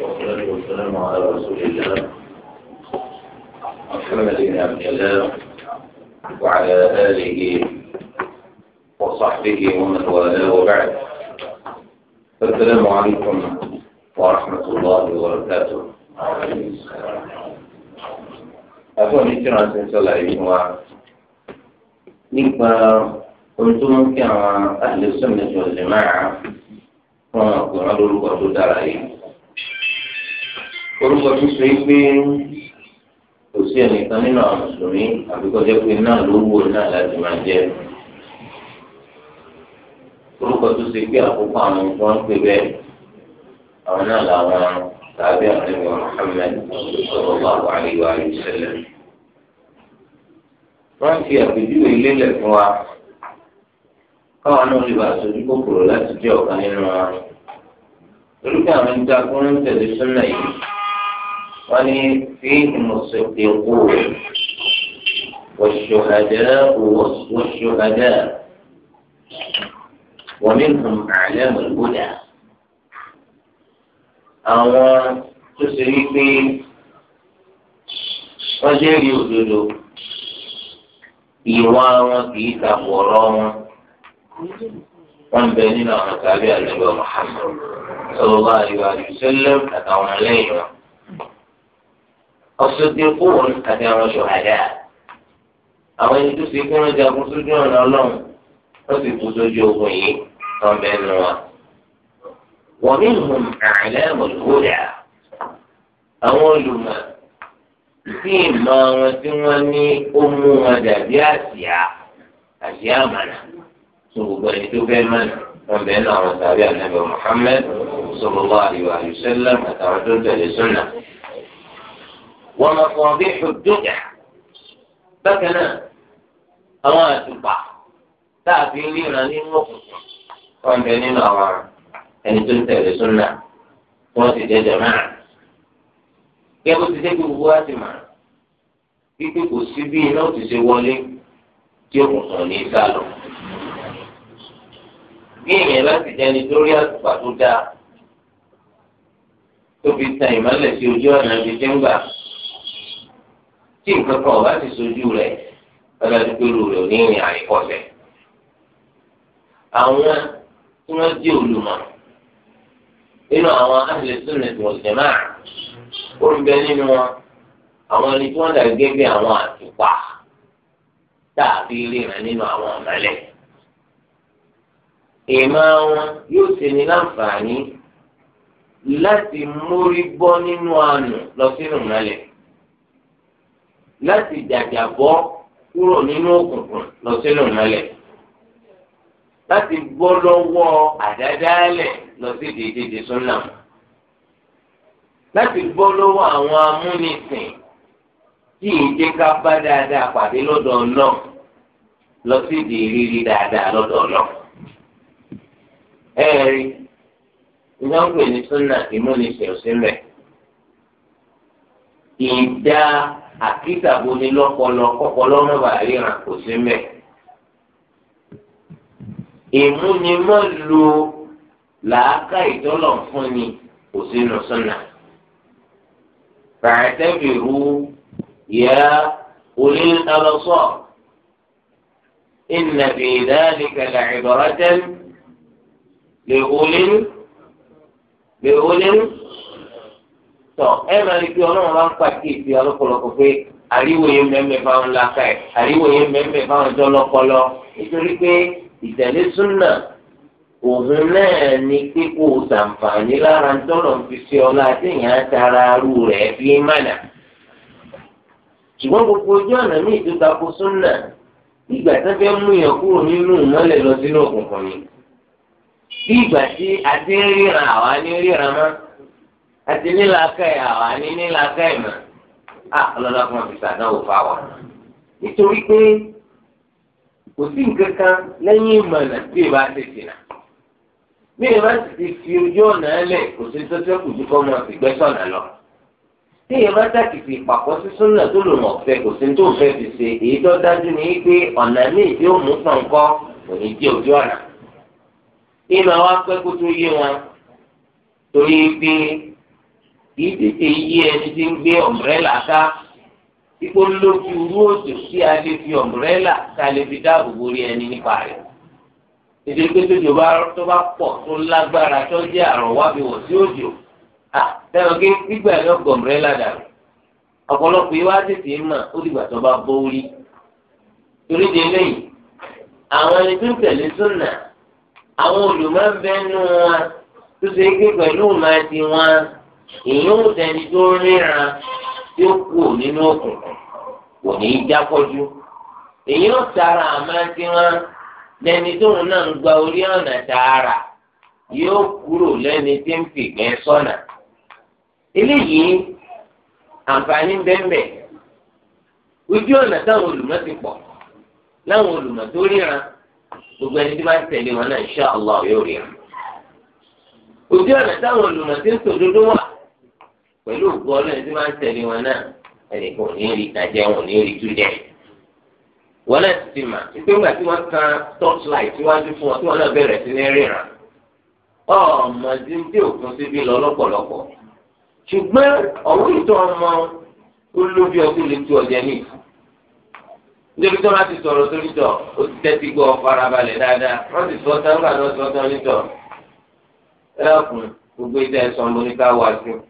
والصلاة والسلام على رسول الله محمد بن الله وعلى آله وصحبه ومن والاه وبعد السلام عليكم ورحمة الله وبركاته أفهم إجراء الله عليكم نقبل قلت ممكن أهل السنة والجماعة wọn kò rán lórúkọ orúkọ tó ṣe pé kò sí ẹnìkan nínú àwọn mùsùlùmí àbíkọjẹ pé náà ló wúwo náà láti máa jẹ orúkọ tó ṣe pé àkókò àwọn tí wọn pè bẹ́ẹ̀ àwọn náà làwọn tàbí àwọn ẹgbẹ́ Muhammad sọlọ bá wà àríwá àríṣẹlẹ wọn fi àpèjúwe lélẹ̀ fún wa káwọn náà lè bá aṣojú kòkòrò láti jẹ ọ̀kan nínú wa orúkọ àwọn ìjà kúrò ń tẹ̀lé sọnà yìí wọ́n ní fi ìmùsùlùmí والشهداء والشهداء ومنهم أعلام الهدى àwọn tó ṣe wípé wọ́n jẹ́rìí òdodo ìwà wọn kìí takò ọ̀rọ̀ wọn wọ́n bẹ nínú àwọn tàbí àlejò Muhammad sallallahu alaihi wa sallam àtàwọn ẹlẹ́yìn wọn ọ̀ṣọ́dẹ́kùn àti àwọn ṣọ̀hádà àwọn ẹni tó ṣe kí wọ́n jagun sójú ọ̀nà ọlọ́run wọ́n sì kú sójú ogun yìí tán bẹ́ẹ̀ nù wọn. wọ́n ní ìhùn àlẹ́ mọ̀lúwòdà àwọn olùmọ̀ tí ìmọ̀ wọn tí wọ́n ní ó mú wọn dàbí àṣìá àṣìá àmàlà tó gbogbo ẹni tó fẹ́ mọ̀nà wọn bẹ́ẹ̀ nù àwọn tàbí ànábẹ́ Muhammad sallallahu alaihi wa sallam àtàwọn tó tẹ̀lé sunnah wọ́n máa fọ bí ìdúnyà bákan náà àwọn àtùpà tá a fi ríran nínú òkùnkùn wọ́n bẹ nínú àwọn ẹni tó ń tẹ̀lé súnà tí wọ́n sì jẹ́ jẹ̀máà kí ti dé gbogbo wa ti mọ̀ kíkí kò sí bí iná ti ṣe wọlé tí òkùnkùn ní í bí èèyàn bá jẹni lórí àtùpà tó dáa tó fi tan ìmọ́lẹ̀ sí ojú ọ̀nà ibi tí ń gbà tí nǹkan kan ọba ti sojú rẹ̀ ọlọ́dún pẹ̀lú rẹ̀ ní ìrìn àìkọ́sẹ̀. àwọn tí wọ́n di olùmọ̀ nínú àwọn ahli sunnah wal jama'ah ó ń bẹ nínú wọn àwọn ẹni tí wọ́n dà gẹ́gẹ́ bí àwọn àtùpà tààbí ríran nínú àwọn ọ̀mọ̀lẹ́. ìmọ̀ wọn yóò ṣe ní láǹfààní láti mórí bọ́ nínú àánú lọ sínú ìmọ̀lẹ́ láti jàjàbọ́ kúrò nínú òkùnkùn lọ sínú ìmọ́lẹ̀ láti gbọ́ lọ́wọ́ àdádálẹ̀ lọ sí dèédéé súnà láti gbọ́ lọ́wọ́ àwọn amúnisìn tí ìjẹ́ ká bá dáadáa pàdé lọ́dọ̀ náà lọ sí di rírí dáadáa lọ́dọ̀ náà. ẹ̀rí iná ń pè ní súnà ìmúnisìn òsínlẹ̀ ìdá àkítàbó ni lọ́pọlọ kọ́pọlọ mọ́ba ríran kò sí mẹ́. ìmúnimọ́ lo làákà ìtọ́lọ̀ fún ni kò sínú sọ́nà. fàtẹ́bìrú yá olè alọ́sọ̀ إن في ذلك لعبرة لأولي لأولي tọ ẹ máa rí i pé ọlọ́run bá ń pàkíyèsí ọlọ́pọ̀lọpọ̀ pé àríwòye mẹ́mẹ́ bá ń laka ẹ̀ àríwòye mẹ́mẹ́ bá ń dọ́lọ́pọlọ nítorí pé ìtẹ̀lé súnà òun náà ni pé kó o ṣàǹfààní lára ń tọ́lọ̀ ń fi ṣe ọlá àtẹ̀yìn àtara arú rẹ̀ bí mànà. ṣùgbọ́n gbogbo ojú ọ̀nà ní ìtútakò súnà ìgbà tó fẹ́ mú yàn kúrò nínú ìmọ́lẹ̀ lọ sínú òkùnkùn ni bí ìgbà tí adé ríran àwa ní ríran máa àti nílàákẹ́ àwa ní nílàákẹ́ ìmọ̀ à ọlọ́dọ̀ fún ọ̀fíìsì àdáwò fáwa. nítorí pé kò sí nǹkan kan lẹ́yìn ìmọ̀nà tí ìbá ti sìnà bí ìbá ti fi ojú ọ̀nà ẹlẹ̀ kò sí tọ́tẹ́ kù ju kọ́ mọ́ ìgbẹ́ sọ̀nà lọ. tí ìbá tàkìtì ìpàkọ́ sí súnà tó lò mọ̀ fẹ́ kò sí tó fẹ́ fi ṣe èyí tó dájú ni pé ọ̀nà míì tí ó mú sọ̀nkọ́ kò ní jẹ́ ojú ọ̀nà. ìmọ̀ wa pẹ́ kó tó yé wọn torí pé kìí tètè yí ẹni tí ń gbé ọ̀mbrẹ́là ká ipò lójú irú òjò tí a lè fi ọ̀mbrẹ́là ká lè fi dáàbò borí ẹni nípa rẹ̀ èdè pé tójò bá tó bá pọ̀ tó lágbára tó jẹ́ àrọ̀wá bí wọ̀ sí òjò à tẹ́wọ̀n kí gbígbà ní ọgbọ̀n ọ̀mbrẹ́là dàrú ọ̀pọ̀lọpọ̀ yìí wá tètè mọ̀ ó dìgbà tó bá bó rí torí de lẹ́yìn àwọn ẹni tó ń tẹ̀lé sọ́nà àwọn olùmọ̀ bẹ́ẹ̀ nù wọn tó ṣe é gbé pẹ̀lú màá ti èyí ó dẹni tó ríran tí ó kù nínú òkùnkùn kò ní í èyí ó tara àmọ́tíwọ́n lẹni tóun náà ń gba orí ọ̀nà tààrà yóò kúrò lẹ́ni tí ń fìgbẹ́ sọ́nà eléyìí àǹfààní bẹ́ẹ̀bẹ́ẹ̀ ojú ọ̀nà táwọn olùmọ̀ ti pọ̀ láwọn olùmọ̀ tó ríran gbogbo ẹni tí wọ́n tẹ̀lé wọn náà insha Allah yóò ríran ojú ọ̀nà táwọn olùmọ̀ ti pẹ̀lú ògbó ọlọ́run tí máa ń tẹ̀lé wọn náà ẹnìkan ò ní rí ìdájẹ́ wọn ò ní rí tújẹ́ wọn náà ti mà pípé ńgbà tí wọ́n kan torchlight síwájú fún wọn tí wọ́n náà bẹ̀rẹ̀ sí ní ríran ọmọ dídí òkun síbi lọ lọ́pọ̀lọpọ̀ ṣùgbọ́n ọ̀wọ́ ìtọ́ ọmọ olóbi ọdún lè tu ọ̀jẹ̀ ní ìfún nítorí tó bá ti sọ̀rọ̀ sórí tọ̀ ó ti tẹ́tí gbọ́ farabalẹ̀ dáadáa wọ́n ti sọ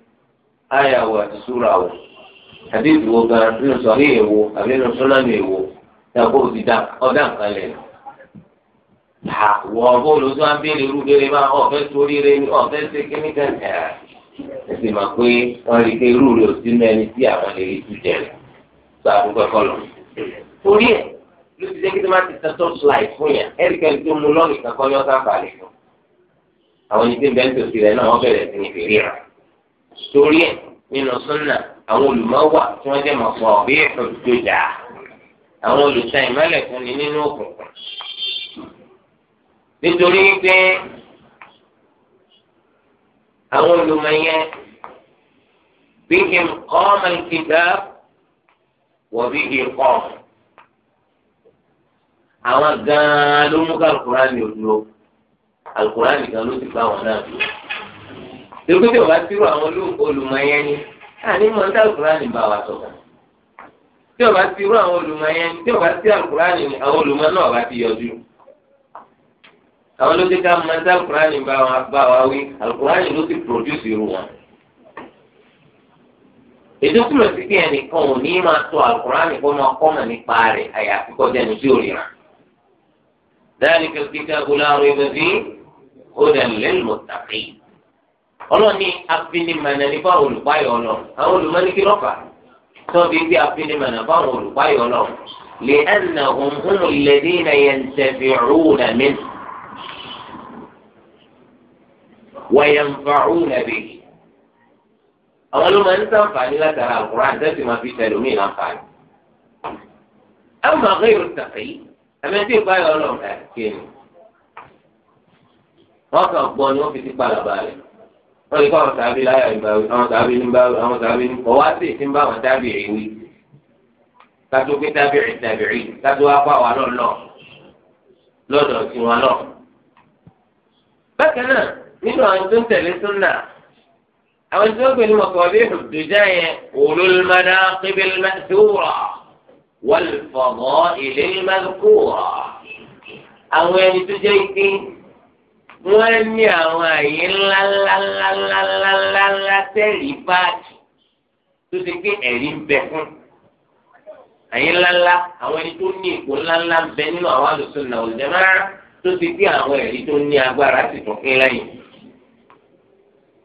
àyà wo àti súra wo àbí ìdúró gan nínú sọ̀rí èwo àbí nínú súnámì èwo ẹ̀kọ́ ti dá ọ̀dà nǹkan lẹ̀ àwọn ọ̀bọ olùsọ abéèrè irúgbére máa ọ̀fẹ́ torí rẹ ni ọ̀fẹ́ ṣe kíní kan ẹ̀ ẹ̀ sì mà pé wọ́n rí i pé irú rẹ ò sí mẹ́ni tí àwọn lè rí tu jẹ rẹ̀ sọ àdúgbò ẹ̀kọ́ lọ. torí ẹ̀ ló ti jẹ́ kí tó máa ti sẹ́ tọ́sí láì fún yàn ẹ̀ríkẹ́ tó mú lọ́ọ̀nì kankan yọ sáfà lè àwọn ẹni tí ń rẹ̀ náà wọ́n bẹ̀rẹ̀ sí ní fèrè rà torí ẹ̀ nínú súnà àwọn olùmọ̀wà tí wọ́n jẹ́ mọ̀fọ́ bí ìfọ̀dọ̀dà àwọn olùsàn ìmọ̀lẹ̀ fún ni nínú òkùnkùn. nítorí pé àwọn olùmọ̀yẹ bíkìm kọ́ọ̀mù kìtà wọ̀ bíkìm kọ́ọ̀mù. àwọn gan-an ló mú ká alukóra ní òdúró alukóra nìkan ló ti bá wọn náà dúró tẹ̀lé tí o bá tírú àwọn olùmọ̀yẹn ni àní mọ̀tà alukurani bá wa sọ̀rọ̀ tí o bá tírú àwọn olùmọ̀yẹn tí o bá tí alukurani ni àwọn olùmọ̀ náà bá ti yọjú àwọn ló ti ká mọ̀tà alukurani bá wa wí alukurani ló ti pòdúsì irú wọn èdè túmọ̀ sí pé ẹnìkan ò ní máa tọ alukurani kó máa kọ́mọ̀ nípa rẹ̀ àyàfi kọjá ní tí ò ríran dáhùn kí kíkà kó láàrú ọlọ́ni afinimọ̀nà ní fáwọn olùpáyọ̀ ọlọ́run àwọn olùmọ̀nìkì lọ́fà tọ́bi bí afinimọ̀nà fáwọn olùpáyọ̀ ọlọ́run lè ẹnà òǹhùn lẹ́dínà yẹn tẹ̀fẹ̀ rúùnà mí wọ́yẹn fà rúùnà bì. afinimana ní fáwọn olùpáyọ̀ lọ àwọn olùmọ́nìkì lọ́fà tọ́bi bí afinimana fáwọn olùpáyọ̀ lọ. lè ẹnna òǹhùn ilẹ̀ ní ìnáyẹ ń tẹ̀sí ọ̀rọ̀ ọ̀nà mi. wọ́yẹ̀ ń fa ọ̀nà bí. àwọn ló máa ń sàǹfààní látara àkùrọ̀ àtẹ́sí máa fi tẹ̀lé omi láǹfààní. ẹ máa gbé irun tàfé yìí ẹ̀mẹ́ tí ìpáyọ̀ lọ kẹ́ni. wọ́n kàn gbọ́ ni fawon olupayo olorun awon olumoniki lofa tobi bi afinimona fawon olupayo olorun le ena onhun ledina yen tefe ruuna mi n fa ruuna bi awon olumo ni sanfaani latara akuro atesi maa fi tele omi lanfaani e maa gbe irun tafe yii eme ti ipayo olorun e keeni won kan gbo ni won fi ti pàlàbà rẹ̀. wọ́n lè kọ́ àwọn tàbí láyà ìbáwí àwọn tàbí ní báwí àwọn tàbí ní kọ́ wá sí ìsìn bá àwọn tàbí rè wí kátó pé tàbí rè tàbí rè kátó wá pa wà lọ́nà lọ́dọ̀ sí wọn lọ. bákan náà nínú àwọn tó ń tẹ̀lé súnà àwọn tó ń gbé ní mọ̀kọ́ bí ìdòjá yẹn olólùmọ́dá kébélmá tóra wọ́n lè fọ̀ fọ̀mọ́ ìlélmá kóra àwọn ẹni tó jẹ́ ike. wọ́n ní àwọn àyè ńlá ńlá ńlá ńlá ńlá ńlá ńlá tẹ́rì báàkì tó ti pé ẹ̀rí ń bẹ fún àyè ńlá àwọn ẹni tó ní ipò ńlá ń bẹ nínú àwọn àlùsùn náà ò jẹ́ tó ti pé àwọn ẹ̀rí tó ní agbára sì tún pín lẹ́yìn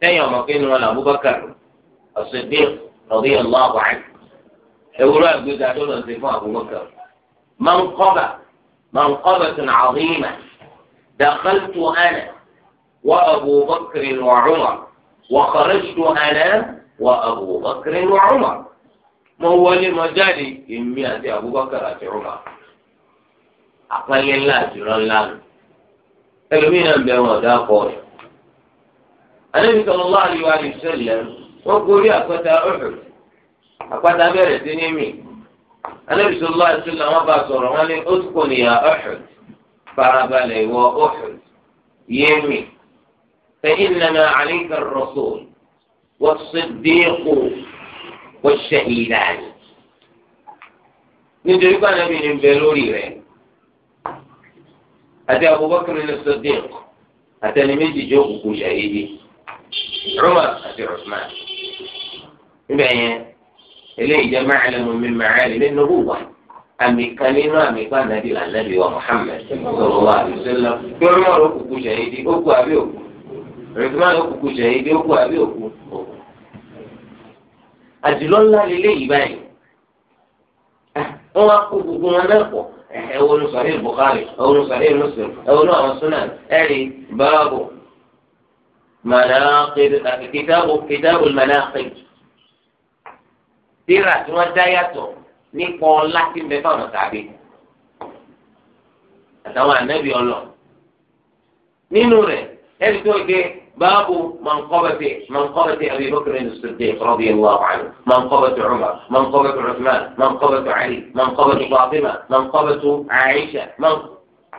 lẹ́yìn ọmọ pé ní wọn Abubakar دخلت أنا وأبو بكر وعمر وخرجت أنا وأبو بكر وعمر ما هو لمجالي إمي أبو بكر وعمر àpẹẹlẹ ńlá àjùlọ ńlá nù ẹlòmíràn ń bẹ wọn ọdọ akọ rẹ Ànábì sallallahu alaihi wa sallam wọn gorí àpáta Uhud àpáta bẹ̀rẹ̀ sí ní mi Ànábì sallallahu alaihi wa sallam wọn bá sọ̀rọ̀ wọn ní ó tukọ nìyà Uhud فرابلي وأحد يمي فإنما عليك الرسول والصديق والشهيدان ندرك أنا من بلوري أتي أبو بكر الصديق أتى نمجي جوقك شهيدي عمر أتي عثمان إبعيه إليه معلم من معالم النبوة àmì kan nínú àmì kan nàbí lànàbí wa Muhammad sọ̀rọ̀ wa àdùsẹ́lá kí wọ́n mọ̀rọ̀ kúkú ṣẹ̀yìndì ó kú àbí òkú rẹ̀gbọ́n ó kúkú ṣẹ̀yìndì ó kú àbí òkú. àdìlọ́ ńlá lélẹ́ yìí báyìí ah, wọ́n wá kó gbogbo wọn náà pọ̀ eh, ẹ̀wọ̀n ní sahih Bukhari ẹ̀wọ̀n ní sahih Muslim ẹ̀wọ̀n ní àwọn sunan ẹ̀rí báàbò kìtàbù kìtàbù manaqib eh, tíra tí wọ́n dá yàtọ̀ nípa ọlá tí ń bẹ fáwọn tàbí àtàwọn ànábì ọlọ nínú rẹ ẹni tó gbé báàbù mọ̀nkọ́bẹ̀tì mọ̀nkọ́bẹ̀tì abibakar ní sọ̀dẹ̀ rọ́bì ìwàwọ̀ àná mọ̀nkọ́bẹ̀tì umar mọ̀nkọ́bẹ̀tì usman mọ̀nkọ́bẹ̀tì ali mọ̀nkọ́bẹ̀tì fatima mọ̀nkọ́bẹ̀tì aisha mọ̀nkọ́bẹ̀tì.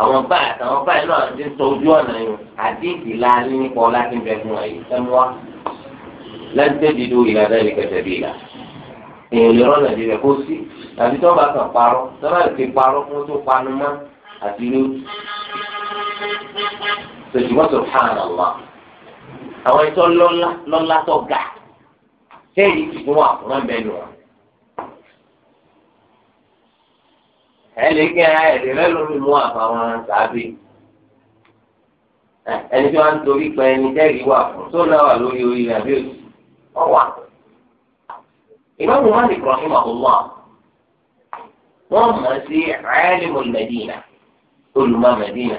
àwọn báyìí àtàwọn báyìí náà ti ń tọ ojú ọ̀nà yìí àdéhìí la ní nípa ọlá tí ń bẹ fún wa yìí sẹ́mu wa lẹ́ńtẹ́ dídú ìlànà ìkẹsẹ̀ bí ìlà èèyàn lè rọ́nà ìdílé kó sí tàbí tó bá kàn parọ́ tó bá ti parọ́ fún tó panu mọ́ àti ló sòṣùwọ́n tó hàn án wà àwọn ìtọ́ lọ́lá lọ́lá tó ga sẹ́yìn tí wọ́n àkùnrin bẹ́ẹ̀ nù wọn. ẹnì kí ara rẹ lómi mú àfàwọn sàbí ẹni tí wọ́n ń torí pé ẹni tẹ́rì wà fún tó náà wà lórí orí rẹ̀ àbí òsì wọ́n wà. ìmáàmù Malik rahimahullah wọ́n mọ̀ sí olùmọ̀ àdìsí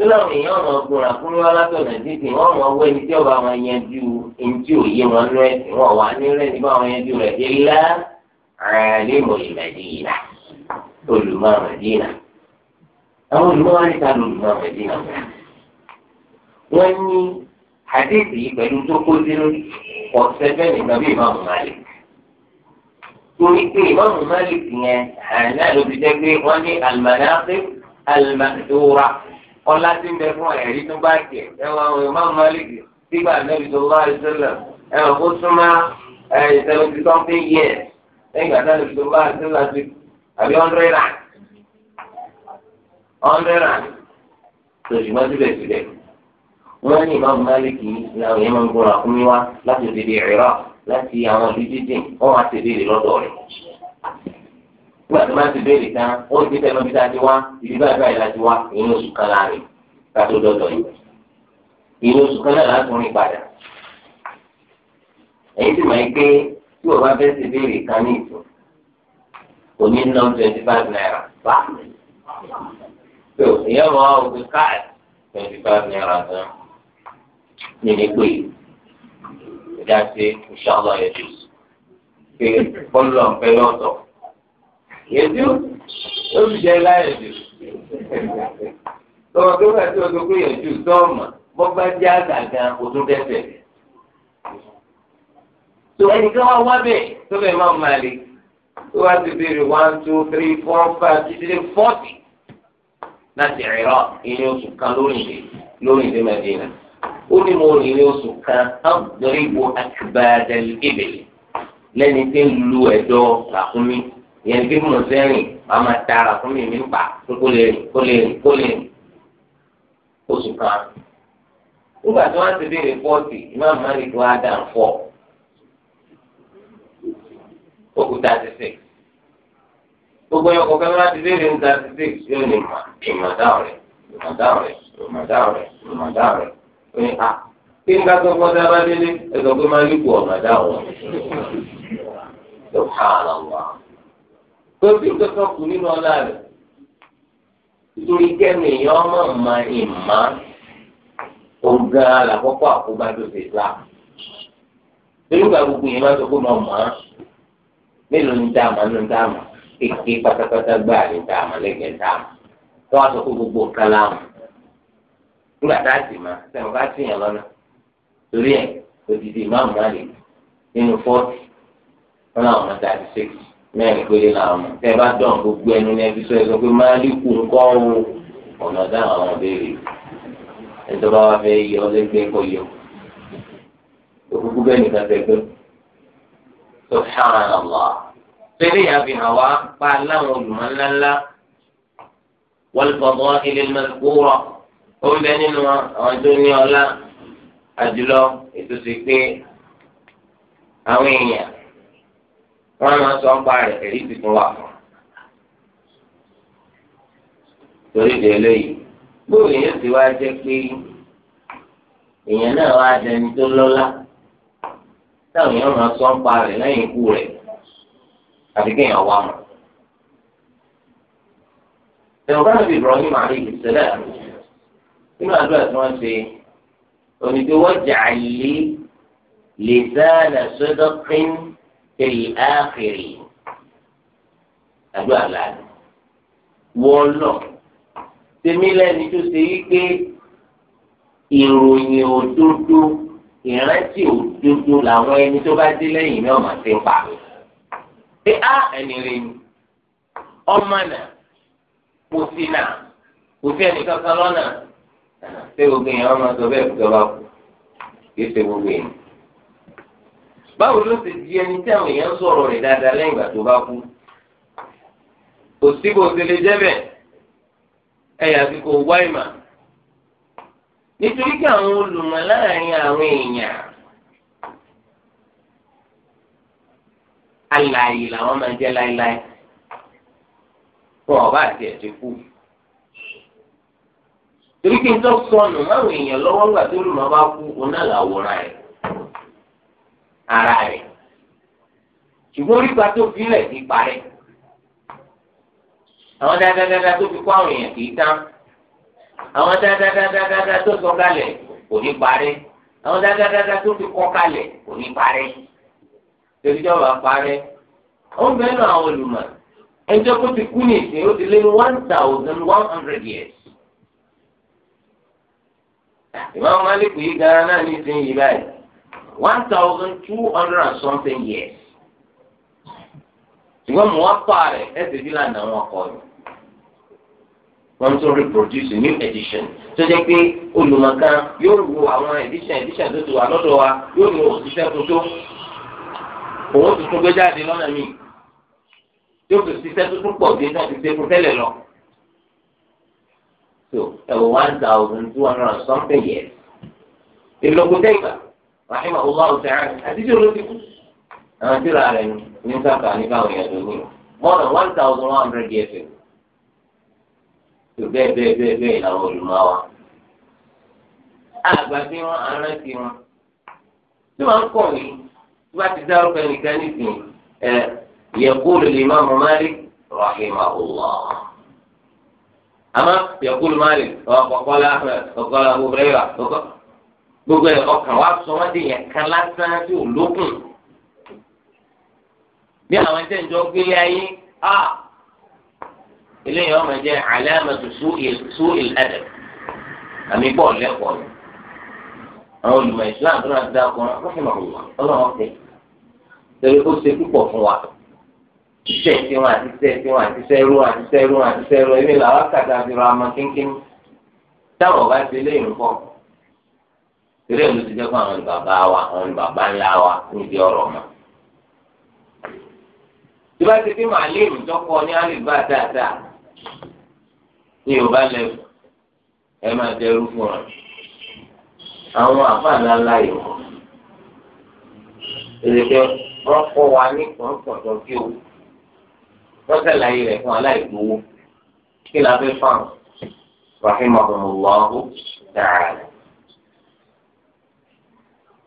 èèyàn ọmọ wa látọ̀nà títì wọn owó ẹni tí ọba wọn ẹni tí òye wọn wọn wà ní nígbà àlímù Mẹdínà olùmọ̀ Mẹdínà àwọn olùmọ̀ wa níta lolùmọ̀ Mẹdínà wọ́n ní hadithi pẹ̀lú tó kó sínú ọ̀sẹ̀ bẹ́ẹ̀ nìkan bí ìmáàmù Malik torí pé ìmáàmù Malik yẹn àná ló fi jẹ́ pé wọ́n ní al-manaqib al-ma'thura ọlá tí ń bẹ fún ẹ̀rí tó bá tiẹ̀ ẹ wọ àwọn sígbà Nabi sallallahu alaihi wasallam kó súnmọ́ ẹ̀ seventy something years lẹ́yìn ìgbà táwọn ìṣòro bá ti ń lọ sí àbí hundred rand hundred rand lòṣùmọ́ síbẹ̀síbẹ̀ wọ́n ní ìmáàmù Málíkì làwọn yẹn máa ń gbọ́ra fún mi wá láti òdìdí Iraq láti àwọn ìlú jíjìn wọ́n wá ti béèrè lọ́dọ̀ rẹ̀ nígbà tó máa ti béèrè tán ó ti tẹnu bí dájú wá ibi báyìí báyìí láti wá inú oṣù kan láàrin ká dọ́dọ̀ yìí inú oṣù kan náà láti rìn padà èyí sì máa ń gbé tí o bá fẹ́ ṣe béèrè kan ní ìtò kò ní ná twenty five naira bá so ìyẹn mọ òkè káàdì twenty five naira gan ní ní pé ìdá sí ìṣàlọ ẹjọ pé bọ́lọ̀ ọ̀fẹ́ lọ́tọ̀ yẹtí ó sì jẹ́ láyé jù tọmọ tó bá tó o tó pé yẹn jù tọ́ọ̀mà bọ́ jẹ́ àgàgà òtún tẹ́tẹ̀ tó ẹnìkan wá wá bẹ́ẹ̀ tó bẹ́ẹ̀ máa máa lè tó wá ti béèrè one two three four five títí dé forty láti ẹ̀rọ ilé oṣù kan lórí ilé lórí ilé Mẹ́dínà ó ní mo rìn ilé oṣù kan ábùdọ́rìbò àkìbàdàlì ìbèlè lẹ́ni tí ń lu ẹ̀dọ̀ làkúnmí ìyẹn bí mo fẹ́ rìn màá máa ta làkúnmí mi pa kó lè rìn kó lè rìn kó lè rìn oṣù kan nígbà tí wọ́n ti béèrè fọ́ọ̀tì ìmáàmù Málíkì wá dà ń fọ́ọ̀ ó kú thirty six gbogbo yẹn kọ̀ọ̀kan bá ti léèrè ní thirty six yóò ní ìmọ̀ dáhùn rẹ̀ ìmọ̀ dáhùn rẹ̀ ìmọ̀ dáhùn rẹ̀ ìmọ̀ dáhùn rẹ̀ ó ní a kí n ká tó fọ́ tá a bá délé ẹ̀sọ́ pé máa yípo ọ̀nà dáhùn ló ká àlọ́ wa kó bí kankan kù nínú ọ̀la rẹ̀ nítorí kẹ́mi èèyàn ọmọ ìmọ̀ ìmọ̀ ọ̀gá làkọ́kọ́ àkóbá tó ti sá. Nígbà gbogbo yẹn máa sọ pé mo mọ̀ ọ́ mélòó ní dáàmà ní dáàmà kéèké pátápátá gbáà ní dáàmà lẹ́gbẹ̀ẹ́ dáàmà tó wàá sọ pé gbogbo nǹkan láàmù nígbà tá a sì máa sẹ́wọ̀n ká sì yàn lọ́nà torí ẹ̀ òdìdí ìmáàmù máa lè nínú fọ́ọ̀tì wọn làwọn máa tàbí sèkì mẹ́rin péré làwọn mọ̀ tẹ́ ẹ bá dán gbogbo ẹnu ní ẹbí sọ ẹ sọ pé máa lè kú nǹkọ́ o ọ̀nà dáhùn àwọn béèrè ẹ̀dọ́ bá wà fẹ́ yọ ọ́ lẹ́gbẹ́ kọ́ yọ òkúkú subhanallah tẹ́lẹ̀ yà fi hàn wá pa láwọn olùmọ̀ ńláńlá wọlùbọ̀bọ̀ ilé mẹ́kúrọ̀ ó ń bẹ nínú àwọn tó ní ọlá àjùlọ ètò sì pé àwọn èèyàn wọn máa sọ ń pa rẹ̀ èyí ti fún wa fún torí ìdè eléyìí bóyá èèyàn ti wá jẹ́ pé èèyàn náà wá jẹni tó lọ́lá táwọn èèyàn máa sọ ń pa rẹ̀ lẹ́yìn ikú rẹ̀ àti kéèyàn wá mọ̀. ẹ̀rọ bá nàbí Ibrahim alayhi salam nínú àdúrà tí wọ́n ṣe onídé wọ́n jà lé lisana sidqin fil àdúrà láàánú wọ́n lọ lẹ́ni tó ṣe yí pé ìròyìn òdodo ìrántí òdodo làwọn ẹni tó bá dé lẹ́yìn náà máa ti pa mí. ṣé á ẹni rẹ ni ọmọ náà kò sí náà kò sí ẹnì kankan lọ́nà ṣé gbogbo èèyàn ọmọ sọ bẹ́ẹ̀ fún ọba kù kì í ṣe gbogbo èèyàn. báwo ló ti di ẹni tí àwọn èèyàn sọ̀rọ̀ rẹ̀ dáadáa lẹ́yìn ìgbà tó bá kú? kò sí bó ṣe lè jẹ́ bẹ́ẹ̀ ẹ̀yà àti kò wá ìmọ̀ nítorí kí àwọn olùmọ̀ láàrin àwọn èèyàn alààyè làwọn máa jẹ́ láéláé fún ọba àti ẹ̀jẹ̀ kú. torí kí n tó sọnù máwọn èèyàn lọ́wọ́ ńgbà tó lùmọ̀ bá kú oná làwòrán rẹ̀ ara rẹ̀ ṣùgbọ́n orípa tó bílẹ̀ ti parẹ́ àwọn dáadáa tó fi kó àwọn èèyàn kì í tán àwọn dáadáa tó sọ kalẹ̀ kò ní parí àwọn dáadáa tó fi kọ́ kalẹ̀ kò ní parí torí jọba parí àwọn mẹ́nu àwọn olùmọ̀ ẹjọ́ kó ti kú ní ìsìn ó ti lé ní one thousand one hundred years. ìmáàmù Malik yìí gara náà ní ìsìn yìí báyìí one thousand two hundred and something years. ṣùgbọ́n mo wá pa rẹ̀ ẹ̀sìn bí lànà wọn kọ́ ni wọ́n tún reproduce new edition tó jẹ́ pé olùmọ̀kan yóò wo àwọn edition edition tó ti wà lọ́dọ̀ wa yóò ní òṣìṣẹ́ tuntun òun tuntun gbé jáde lọ́nà mi yóò fi ṣiṣẹ́ tuntun pọ̀ bí náà ti ṣe fún tẹ́lẹ̀ lọ. so ẹ wọ one thousand two hundred and something years ìlọ́kùn tẹ́gbà rahima allah ta'ala àti tí olóòtú kù àwọn tíra rẹ̀ ní sábà nípa àwọn èèyàn tó ní more than one thousand one hundred years ago tó bẹ́ẹ̀ bẹ́ẹ̀ bẹ́ẹ̀ bẹ́ẹ̀ làwọn olùmọ̀ wa. àgbà tí wọn arántí wọn tí wọn kọ̀ wí tí wọn ti dárúkọ nìkan nìsín ẹ yaqulu al-imam Malik rahimahullah. àmọ́ yaqulu Malik ọ̀kọ̀kọ́lá ọ̀kọ̀lá Abu Hurairah ọ̀kọ̀ gbogbo ẹ̀ ọkàn wa sọ wọ́n di yẹn kan lásán tí ò bí àwọn ẹ̀jẹ̀ ń jọ gbélé ayé ah, eléyìí ọmọ jẹ alámẹtù su'il adab àmì bọ lẹkọọ ni àwọn olùmọ̀ islam tó náà ti dáko náà wọn fi mọ òwò Ọlọ́run ọtẹ torí ó ṣe púpọ̀ fún wa iṣẹ́ tiwọn àti iṣẹ́ tiwọn àti iṣẹ́ irú àti iṣẹ́ irú àti iṣẹ́ irú ẹbí làwọn kàtà fi ra ọmọ kínkín táwọn ọba ti lé ìrúkọ eré ìlú ti jẹ fún àwọn bàbá wa àwọn bàbá ńlá wa níbi ọ̀rọ̀ ọmọ tí bá ti fi màálí ìrùjọpọ ní alìgbà dáadáa ní yorùbá lẹ́wù ẹ máa dẹrú fún wa àwọn àfààní aláyọ̀ èdèké wọn kọ́ wa ní kọ̀ọ̀kọ̀ọ̀tọ̀ kí o wọ́n sẹ̀láyé rẹ̀ fún aláìgbowó kí la fẹ́ fáwọn rahimahumullahu ta'ala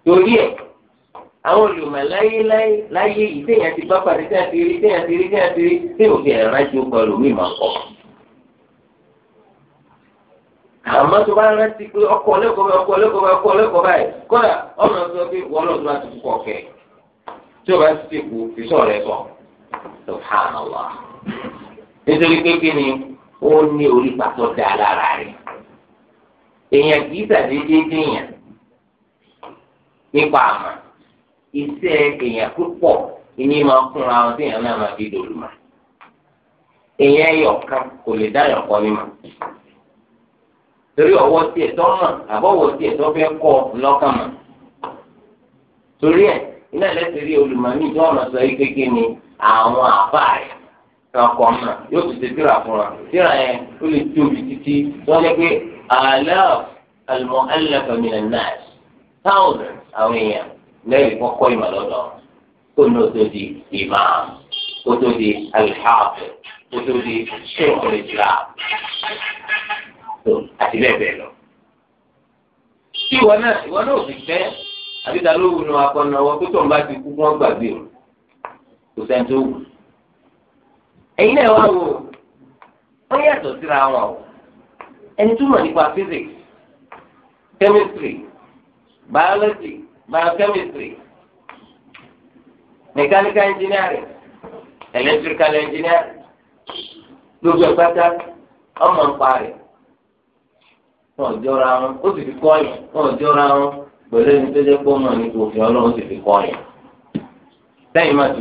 torí ẹ̀ àwọn olùmọ̀ láyé láyé láyé yìí téèyàn ti bá pàdé téèyàn ti rí téèyàn ti rí téèyàn ti rí tí òbí ẹ̀ rántí ó pẹ̀lú mi máa kọ́. àmọ́ tó bá rántí pé ọkọ̀ lẹ́kọ̀ọ́ bá ọkọ̀ lẹ́kọ̀ọ́ bá ọkọ̀ lẹ́kọ̀ọ́ báyìí kódà ọ̀nà sọ pé wọ́n lọ́dún láti kú ọ̀kẹ́ tí o bá ti sèkú fi sọ̀rọ̀ rẹ sọ subhanallah nítorí pé kí ni ó ní orí pàtó dá lára rẹ̀ iṣẹ́ èèyàn púpọ̀ ìní máa kún ara wọn téèyàn náà máa fi dòlùmọ̀ èèyàn ẹyọ kan kò lè dá ẹyọkan mímọ̀ torí ọwọ́ tiẹ̀ tó mọ̀ àbọ̀wọ̀ tiẹ̀ tó fẹ́ kọ́ lọ́kàn mọ̀ torí ẹ̀ iná ẹlẹ́sìn rí olùmọ̀mí tí wọ́n sọ yìí kékeré ni àwọn àbá rẹ̀ kan kọ́ mọ̀ yóò tètè tíra fún wa tíra yẹn ó lè tóbi títí wọ́n ní pé àlọ́ àlùmọ́ àlùmọ́ àlùmọ́ àlùmọ́ àlùmọ́ àlùmọ́ àlùmọ́ àlùmọ́ lẹ́yìn kọ́kọ́ ìmọ̀ kó ní o tó di imam kó tó di alihamdu kó tó di sèkòlè jìlá tó àti bẹ́ẹ̀ bẹ́ẹ̀ lọ. kí ìwọ náà ìwọ náà ò fi fẹ́ àbíta ló wù ní akọ́nà ọwọ́ tó tọ̀ ń bá ti kú kí wọ́n o kò sẹ́ni tó wù. ẹ̀yin náà wá wò ó yàtọ̀ síra wọn o ẹni túmọ̀ nípa physics chemistry biology. biochemistry mechanical engineering electrical engineering gbogbo ẹgbẹta ọmọ nǹkan rẹ wọn jọra wọn ó sì fi kọ́ yẹn wọn jọra wọn pẹ̀lú ẹni tó jẹ́ pé ní kò fi ọlọ́run sì fi kọ́ yẹn lẹ́yìn máa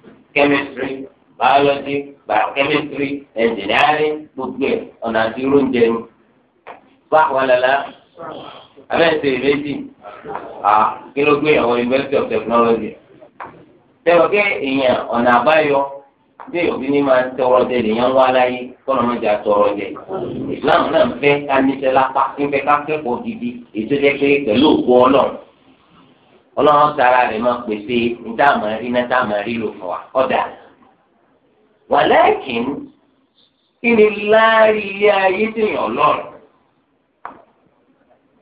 tún máa biology biochemistry engineering gbogbo ẹ̀ ọ̀nà àti oúnjẹ ni fáwọlẹ́lá abẹ́sẹ̀ méjì kí ló gbé àwọn university of technology tẹ́wọ́ kí èèyàn ọ̀nà àbáyọ tí òbí ní máa tọrọ jẹ lèèyàn wá láyé kọ́nà máa jà tọrọ jẹ Islam náà fẹ́ ká níṣẹ́ lápá fífẹ́ ká kẹ́kọ̀ọ́ gidi ètò jẹ́ pé pẹ̀lú òkú ọlọ́run ọlọ́run sára rẹ̀ máa pèsè ní táàmù rí náà táàmù rí lò fún wa ọ̀dà wàlẹ́kìn kí ni láàrin ilé ayé tèèyàn lọ́rùn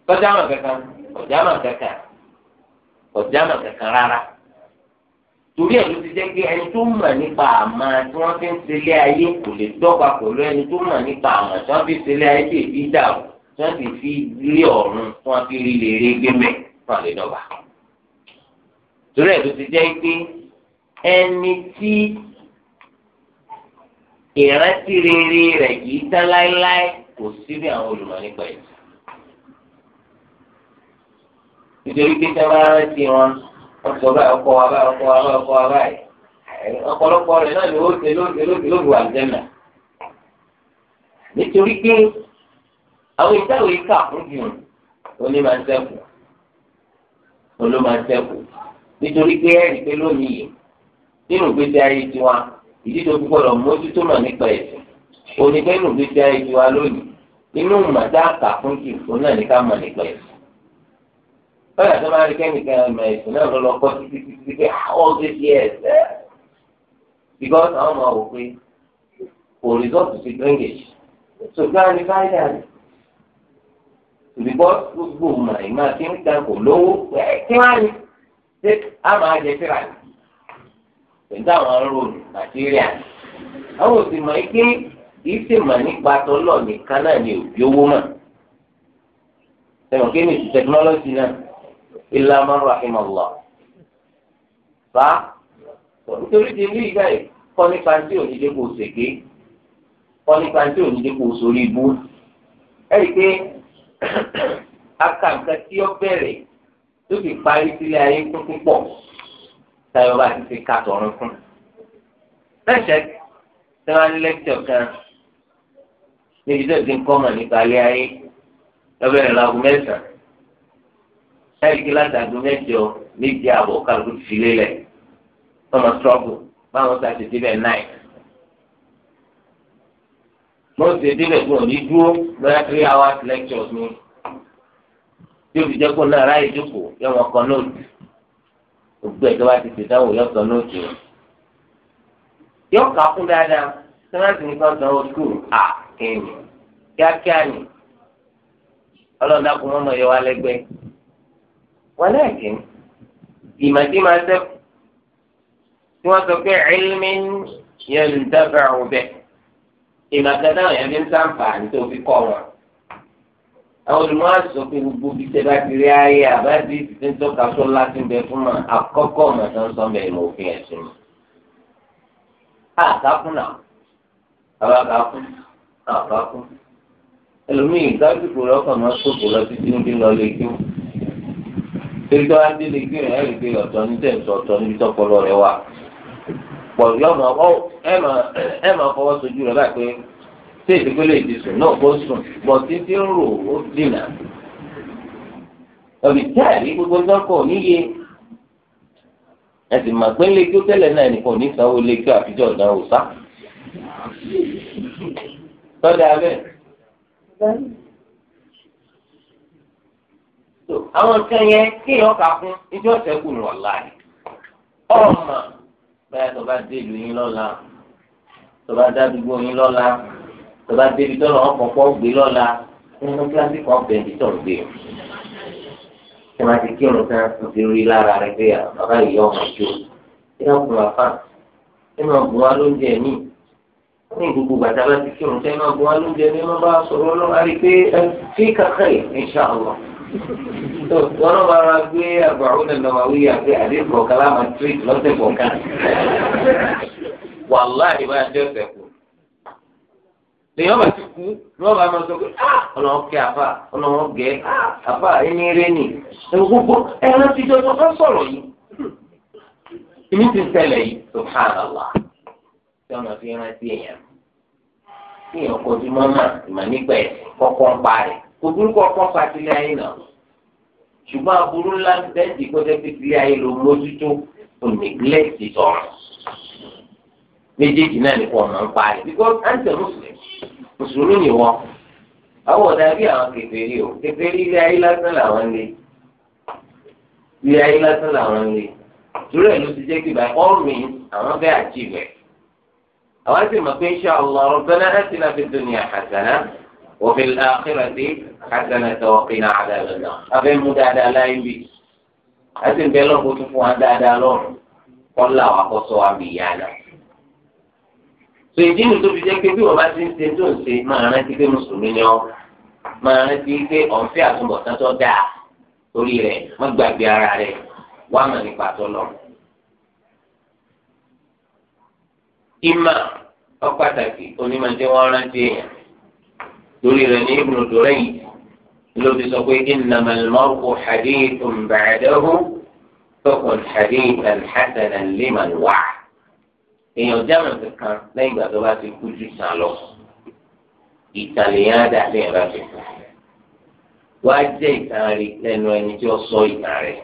tọ́jà mà kankan ọ̀jà mà kankan ọ̀jà mà kankan rárá torí ẹ̀ ló ti jẹ́ pé ẹni tó mọ̀ nípa àmà tí wọ́n fi ń ṣẹlẹ̀ ayé kò lè dọ́gba pẹ̀lú ẹni tó mọ̀ nípa àmà tí wọ́n fi ń ṣẹlẹ̀ ayé tèè fi dà o tí wọ́n sì fi rí ọ̀run tí wọ́n fi rí lèrè gbẹ́mẹ̀ fún àlè dọ́gba. torí ẹ̀ ló ti jẹ́ pé ẹni tí ìrántí rere rẹ̀ yìí tán láéláé kò sí àwọn olùmọ̀ nípa ẹ̀. nítorí pé tẹ́ bá rántí wọn wọ́n sọ báyìí ọkọ wa báyìí ọkọ wa báyìí ọkọ wa báyìí ọ̀pọ̀lọpọ̀ rẹ̀ náà ṣe lóṣè lóṣè lóṣù nítorí pé àwọn ìtàwé kà fún máa ń sẹ́kù máa ń sẹ́kù nítorí pé ẹ̀rí pé lónìí yìí nínú ayé ìdí tó gbọ́dọ̀ mójútó mà nípa ẹ̀sìn onígbẹ́nu tó já ìjọ wa lónìí inú màdá kà fún kì fún náà ní ká mà nípa ẹ̀sìn báyà tó máa rí kẹ́míkà ìmọ̀ ẹ̀sìn náà lọ́lọ́ kọ́ títí títí pé all this years ẹ̀ because àwọn ọmọ wò pé kò result ti english so gbá ní fáyà rẹ̀ because gbogbo màá ìmọ̀ àti ń ta kò lówó kí wọ́n ní a máa jẹ pẹ̀lú àwọn róòlù màtíríà àwọn òsì mọ̀ ike kì í sì mọ̀ nípa tọ́lọ̀ nìkan náà ni òbí owó mọ̀ sẹ́wọ̀n kí tẹkinọ́lọ́jì náà ilá àhìmọ̀lọ́ fa nítorí ti ní ìgbà yìí kọ́ nípa tí kọ́ nípa tí ibú ẹ̀rí aka nǹkan tí ó bẹ̀rẹ̀ tó fi parí táyọ̀ bá ti fi ká tọ̀run fún. lẹ́sẹ̀ tí wọ́n á ní lẹ́kítọ̀ kan níbi tó ti ń kọ́ mọ̀ nípa alẹ́ ayé lọ́bẹ̀rẹ̀ lọ́gù mẹ́sàn-án. lẹ́yìn kí látàgbé mẹ́jọ méje àbọ̀ kálukú ti fi lélẹ̀ ọmọ trọ́bù báwọn sá ti débẹ̀ náì. wọ́n ti débẹ̀ fún òní dúró lọ́yà three hours lectures ni. bí òbí jẹ́ kó náà ráyè jókòó yẹ wọn kan nóòtù gbogbo ẹ̀ tó bá ti ṣèdánwò yọ̀sán lóòjì o yọ kà kún dáadáa sẹ́wọ́ntì ní kan sanwó skul à kéènì kíákíá ni ọlọ́dà kún mọ́mọ́ yọ wá lẹ́gbẹ́ wọn náà kì í ìmọ̀ máa sẹ́kù tí wọ́n sọ pé ẹ̀ẹ́lmi yẹn ń dábàá ọ̀bẹ ìmọ̀ kẹta yẹn ń sàǹfà nítorí kọ́ wọn àwọn olùmọ̀ọ́ sọ pé gbogbo bí tẹ bá ti rí ayé àbájáde ti ń tọ́ka tó láti bẹ fún ma àkọ́kọ́ ọ̀nà tó ń sọ bẹ́ẹ̀ ní òfin ẹ̀sìn mi. àkàkùn náà àbákàkùn àkàkùn ẹlòmíì ìgbàgbọ́ lọ́kàn máa sọ̀kò lọ sí tí ń bí lọ lè kí ó. torí tó wá dé lè kí rẹ̀ ẹ̀rí pé ọ̀tọ̀ ní tẹ̀sán ọ̀tọ̀ níbi tọ́pọ̀ lọ rẹ̀ pọ̀ yọ̀ọ̀mọ̀ ẹ̀ máa fọwọ́ sojú rẹ̀ tí ìdíkó lè di sùn náà kó sùn bọ̀ títí ń rò ó ọ̀bì gbogbo sọ́kọ̀ níye ẹ̀sìn mà kí ó tẹ́lẹ̀ náà nìkan ní lè kí àfijọ́ ọ̀dà ò tọ́jà bẹ́ẹ̀. àwọn nǹkan yẹn kéèyàn kà fún ijó ọ̀sẹ̀ ní ọ̀la rẹ̀ ọ̀ọ́mà tó tọba débi tọ́lọ̀ wọn kọ̀ọ̀kọ́ gbé lọ́la nínú kíláàsì kan bẹ̀ ní tọ̀ gbé o. ṣé máa ti kírun tán o ti rí lára rẹ pé bàbá ìyá ọmọ ìjó ṣé wọn kún wàá fà ṣé máa bùn wá lóúnjẹ míì ní gbogbo bàtà bá ti kírun tán máa bùn wá lóúnjẹ míì máa bá sọ̀rọ̀ lọ́wọ́ àrí pé fi kàkà yìí insha Allah. tó wọn náà máa ra gbé àgbàrún náà lọ́wọ́ wí àti àdéhùn kọ̀ọ̀kan láwọn tíríkì lọ́sẹ̀ kọ̀ọ̀kan wàhálà èèyàn bá ti kú ni wọn bá máa sọ pé ah, ọlọ́run kẹ àfa ọlọ́run gẹ ah, àfa ẹni eré nì ẹni gbogbo ẹni ti jọ tó fẹ́ sọ̀rọ̀ yìí ìní ti ṣẹlẹ̀ yìí subhanallah tí wọn fi rántí èèyàn tí èèyàn kojú mọ́mọ́ ìmọ̀ nígbà ẹ̀ kọ́kọ́ ń pa rẹ̀ kò burúkú ọkọ́ pa sílé ayé náà ṣùgbọ́n aburú ńlá ń bẹ́ẹ̀dì kọ́tẹ́ fi ayé ló mójútó kò because I'm Muslim mùsùlùmí ni wọ́n àwọn ọ̀dà bí àwọn kèfèrí o kèfèrí ilé ayé lásán làwọn lé ilé ayé lásán làwọn lé torí ẹ̀ ló ti jẹ́ kí báyìí all means àwọn fẹ́ àjìbẹ̀ àwọn sì mọ̀ pé insha Allah rabbana atina fid dunya hasana wa fil akhirati hasana wa qina adhaban nar abẹ́ mú dáadáa láyé bí àti ìbẹ́lọ́kọ̀ tó fún wa dáadáa lọ́rùn kọ́ là kọ́ sọ wa bìyànjú sọ ìdí nu tó fi jẹ́ pé bí wọ́n bá ti ń ṣe tó ń ṣe máa rántí pé mùsùlùmí ni ọ́ máa rántí pé ọ̀nfẹ́ àtúbọ̀tán tó dáa torí rẹ̀ má gbàgbé ara rẹ̀ wá mà nípa tó lọ. ìmà ọ̀pàtàkì onímọ̀jẹ́ wọn rántí èèyàn torí rẹ̀ ní Ibn Durayd ló fi sọ pé innamal mar'u hadithun ba'dahu fakun hadithan hasanan liman wa'a èèyàn jáàmù kankan lẹ́yìn ìgbà tó bá ti kú ju sàn lọ ìtàlẹ́yìn àdá lẹ́yìn bá ti kú wá jẹ́ ìtàn rí lẹ́nu ẹni tí ó sọ ìtàn rẹ̀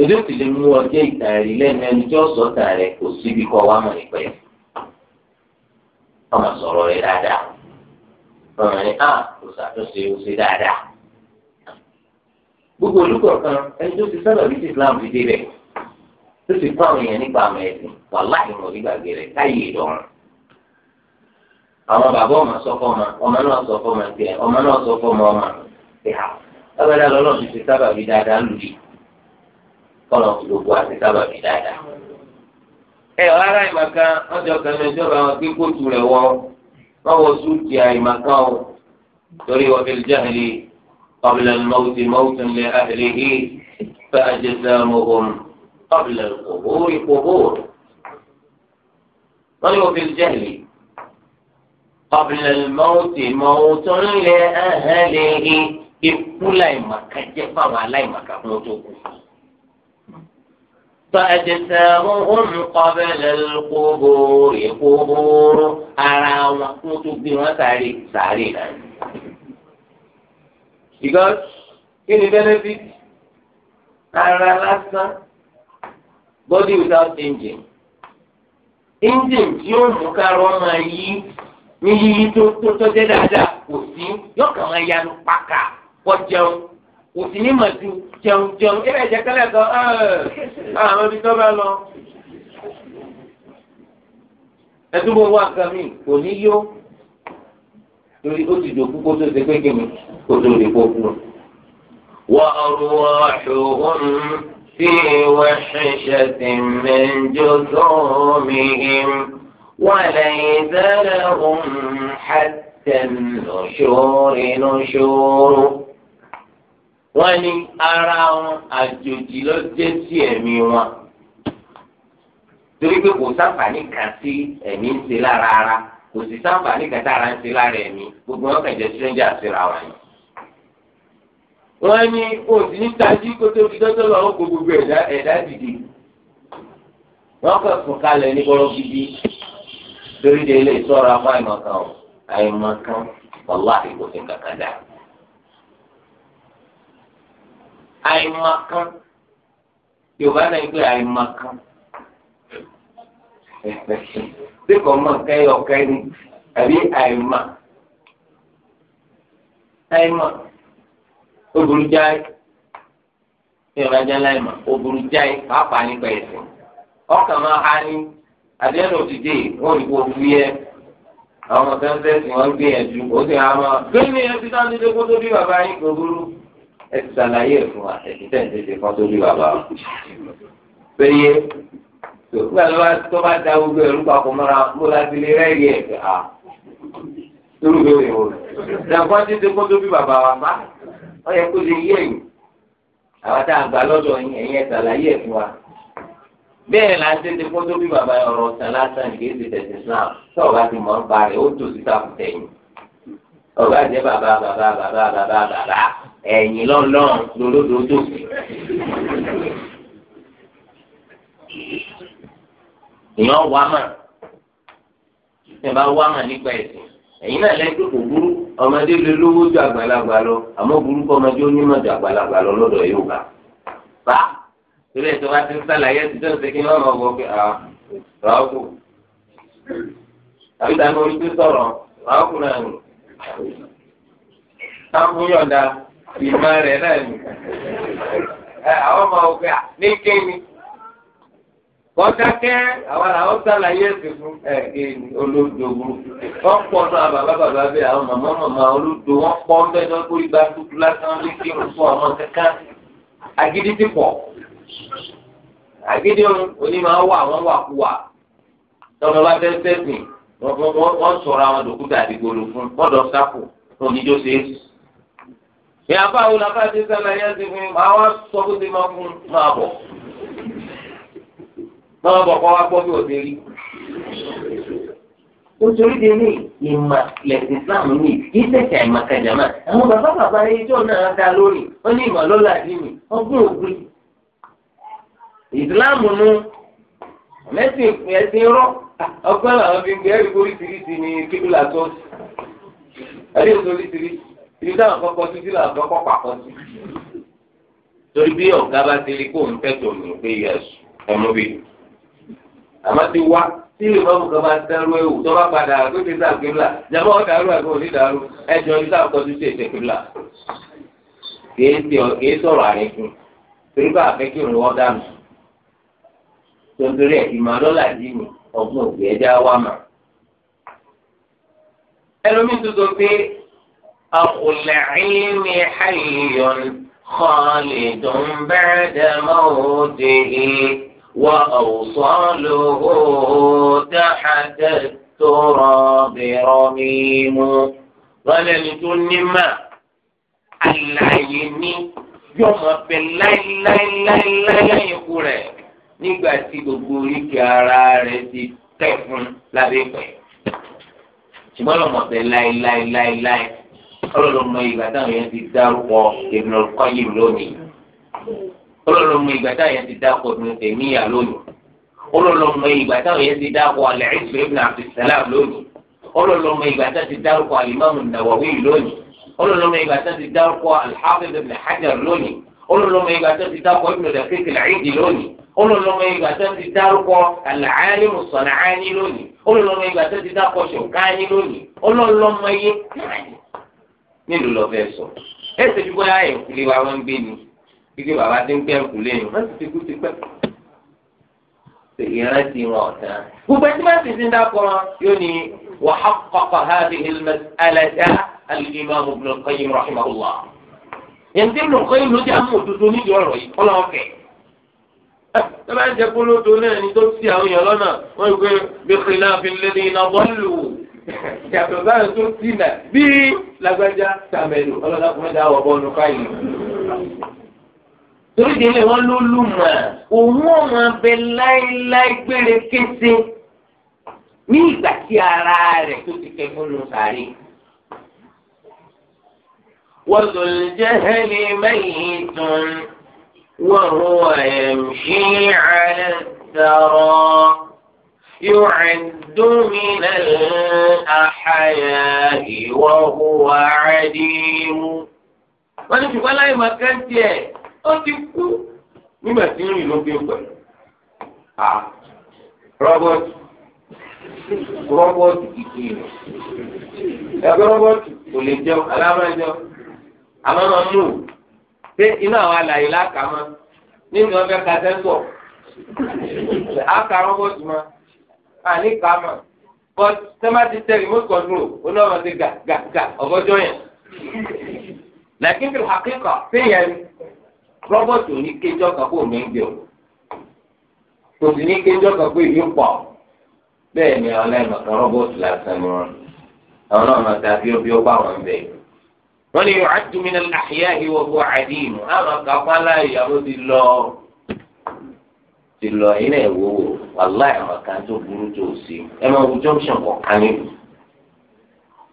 èdè òtí lè mú ọjẹ́ ìtàn rí lẹ́nu ẹni tí ó sọ ìtàn rẹ̀ kò síbi kọ́ wá mọ̀ nípa ẹ̀ ọmọ sọ̀rọ̀ rẹ̀ dáadáa ọmọ ní à ah, kò ṣàtúnṣe ó ṣe dáadáa gbogbo olùkọ̀ọ̀kan ẹni tó ti sábà bí ti Islam fi dé bẹ́ẹ̀ tó fi kó àwọn èèyàn nípa àmọ̀ ẹ̀sìn wà láì mọ̀ nígbàgbé rẹ̀ káyé ìdọ̀rùn. àwọn bàbá ọmọ sọ fọmọ ọmọ náà sọ fọmọ tiẹ̀ ọmọ náà sọ fọmọ ọmọ ìhà lábẹ́dá lọ́lọ́ ti fi sábà bí dáadáa lù yìí kọ́lọ̀ fi gbogbo àti sábà bí dáadáa. ẹ ọ̀ ìmàkà wọ́n kẹ́mi ìjọba wọn pé kóòtù rẹ̀ wọ wọ́n wọ súùtì àìmàkà o torí wọ́n fi jáde قبل الموت موت لأهله فأجسامهم قبل القبور قبور ضلوا في الجهل قبل الموت موت لأهله إبقوا ما كجفا لي ما فأجسامهم قبل القبور قبور أرى مقوت بما ساري سارينا إذا كنت بنفيت أرى لسا body without engine engine tí ó mú kárọ máa yí ní yíyí tó tó tọ́jẹ́ dáadáa kò sí yọkàn máa yanu pàkà kọ jẹun kò sí ní màdù jẹun jẹun ẹ̀rẹ̀ ìjẹ́kẹ́lẹ́ kan àwọn ibi tó bá lọ. ẹtú bó wá nǹkan mi kò ní yó torí ó ti dòkú kó tó ṣe pé kí mi kó tó lè kó kú. wà á rú aṣọ òun. في وحشة من جذومهم وليس لهم حتى النشور نشور wọ́n ní ara wọn àjòjì ló jẹ́ sí ẹ̀mí wọn torí pé kò sáǹfààní kan sí ẹ̀mí ń ṣe lára ara kò sì sáǹfààní kan tá ara ń ṣe lára ẹ̀mí gbogbo wọn kàn jẹ́ stranger síra wọn yìí. wọ́n ní òsì ní tají kótó fi dọ́tọ́ lọ ó gbogbo ẹ̀dá ẹ̀dá dìde wọ́n kàn fún kalẹ̀ ní bọ́lọ́ gidi torí de ilé ìtọ́ra fún àìmọ̀kan o àìmọ̀kan wàlá ìgbòfin kankan dà àìmọ̀kan yorùbá náà ń pè àìmọ̀kan ṣé kò mọ̀ ó burú jáì ní ìrajà láìmọ̀ ó burú jáì pàápàá nípa ẹ̀sìn ọkàn máa ha ní àdéhùn òdìdè wọn ò kó fúyẹ́ àwọn ọmọ sẹ́ńsẹ́ sì wọ́n gbìyànjú ó sì hàn máa gbé ní ẹbí náà nílé kó tó bí bàbá yín kò burú ẹ ti ṣàlàyé ẹ̀ fún wa ẹ̀ ti tẹ̀ ń tètè kó tó bí bàbá wa. péye gbàgbọ́ tó bá da gbogbo ẹ̀rú papọ̀ mọ́ra mo láti lè rẹ́ẹ̀rì ẹ̀ fẹ́ tó bí bàbá wa Ọ yẹ kó lè yé ẹ̀yìn àwọn tá a gbà lọ́dọ̀ yín ẹ̀yìn ẹ̀ ṣàlàyé ẹ̀ fún wa. bẹ́ẹ̀ la ṣe ti kó bí bàbá lásán kì í Islam tó ti ọba jẹ́ bàbá bàbá bàbá bàbá bàbá ẹ̀yìn lọ́nlọ́n lólódò ìyàn wá mà ẹ bá wá mà nípa náà kò ọmọdé lè lówó ju àgbàlagbà lọ àmọ́ burúkú ọmọdé onímọ̀ ju àgbàlagbà lọ lọ́dọ̀ Yorùbá bá torí ẹ̀ tó bá ti ń sàlàyé ti dọ́ọ̀sì kí wọ́n mọ̀ wọ́n pé ah, ràákù tàbí tàbí orí tó sọ̀rọ̀ ràákù náà nù táwọn yọ̀ǹda ìmọ̀ rẹ̀ náà nù àwọn ọmọ òkè ah, ní kéwìn kọ́dákẹ́ àwọn àwọn sàlàyé ẹ̀sìn fún ẹ̀kẹ́ ni olódo burúkú wọ́n pọ̀ náà bàbá bàbá bẹ́ẹ̀ àwọn màmá màmá olódo wọ́n pọ̀ ń bẹ́ẹ̀ náà kórìí gba dúdú lásán lé kí n fún ọmọ kankan agídí ti pọ̀ agídí onímọ̀ wà wọ́n wà kú wà tọ́mọ bá fẹ́ sẹ́sìn wọ́n sọ̀rọ̀ àwọn dòkúta àdìgbòlò fún mọ́dọ̀ sápò onídó ṣe é ní abáwo làbá ti sàlàyé ẹ̀sìn fún lọ́wọ́ bọ̀ kọ́ wá bí òde rí. nítorí de ní Islam ní kí sẹ̀kẹ̀ ìmọ̀ kẹjàmá àwọn bàbá bàbá ẹjọ́ náà dá lónìí, ó ní ìmọ̀ lọ́la dì mí ọgbọ́n ògbìn. Ìsìláàmù nu mẹ́sìn ẹ̀sìn rọ́ ọgbọ́n làwọn fi ń gbé ní kíkúlà tó oríṣiríṣi táwọn kọ́kọ́ sí àkọ́kọ́ pàkọ́ àmọ́ ti wá tí ìmọ̀mù kan bá dárú ewu tó bá padà tó ti sáà kébìlà jàmbá wọn dàrú àgbọn òní dàrú ẹjọ ní sáà kọjú sí ètè kébìlà kìí sọ̀rọ̀ àríkún torí bá àfẹ́ kí òun wọ́n dànù tontorí ẹ̀ ìmọ̀ lọ́la dì mí ọ̀gbọ́n òbí ẹja wà mà. ẹlòmíì tuntun pé àkùlẹ̀ẹ́yìn mi hàyè yọ̀n kọ́ọ̀lì ń bẹ́ẹ̀ وأوصاله تحت التراب رميم ظللت النماء العين yọmọ pẹ láíláíláíláí ikú rẹ nígbà tí gbogbo oríkì ara rẹ ti tẹ̀ fún lábẹ́ pẹ̀ ṣùgbọ́n lọ́mọ pẹ láíláíláíláí ọlọ́lọ́mọ ìgbà táwọn yẹn ti dárúkọ Ibnul Qayyim lónìí olóòlù mọ ìgbà táwọn yẹn ti dáko ní tèmíyà lónìí olóòlù mọ ìgbà táwọn yẹn ti dáko alẹ́sì ibn abdulsalam lónìí olóòlù mọ ìgbà táwọn ti dáko alimami nawawi lónìí olóòlù mọ ìgbà táwọn ti dáko alḥafiz ibn hajar lónìí olóòlù mọ ìgbà táwọn ti dáko ibn daqiq al-eid lónìí olóòlù mọ ìgbà táwọn ti dáko al-alim as-san'ani lónìí olóòlù mọ ìgbà táwọn ti dáko shawkani lónìí olóòlù mọ iye nílùú lọ fẹ́ sọ ẹ kíkí bàbá ti ń pẹ́ kùlé yìí wọ́n sì ti kú ti pẹ́ ìrántí wọn ọ̀tá. gbogbo ẹtí máa ti sin dákọ̀ yóò ní wà á kọ́kọ́ hadhihi al-mas'alata al-imam ibn al-qayyim rahimahullah. yẹn tí ibn al-qayyim ló jẹ́ àmú òdodo nídìí ọ̀rọ̀ yìí ọlọ́wọ́ kẹ̀. ẹ bá ń jẹ kó lóto náà ni tó ti àwọn èèyàn olowo oke e ba wọ́n yóò gbé bi khilafi alladhina dallu. yàtọ̀ sáyẹn tó ti torí délé wọn ló lù mà òun ọmọ abẹ láéláé gbére kése ní ìgbà tí ara rẹ̀ tó ti kẹ fún un sàárè. وذو الجهل ميت وهو يمشي على الثرى يعد من الأحياء وهو عديم wọ́n ti ṣùgbọ́n láì máa kẹ́ńtì ẹ̀ ó ti kú nígbà tí ń rìn ló gbé pẹ̀lú. à rọ́bọ̀tì rọ́bọ̀tì kìkì rẹ̀ ẹgbẹ́ rọ́bọ̀tì kò lè jẹun alámájọ àmọ́ máa mú un ṣé inú àwọn àlàyé lákàmọ́ nínú ọbẹ̀ kàtẹ́ńtọ̀ àkà rọ́bọ̀tì máa àní kà mà but tẹ́lá ti tẹ remote control onáwó ti gà gà gà ọ̀gọ́jọ́ yẹn. làkínkì àkíkọ̀ sí yẹn rọ́bọ̀tì ò ní kéjọ́ kan kó mi o kò sì ní kéjọ́ kan ìlú pọ̀ bẹ́ẹ̀ ni àwọn ẹ̀mọ̀kan rọ́bọ̀tì lásán wọn àwọn náà máa ta bíó bíó bá wọn bẹ̀. wọ́n ní yu'addu min al-ahya'i wa huwa 'adim àmọ́ kápá láàyè ìyàwó ti lọ ti lọ yín náà junction kọ̀ọ̀kan nílùú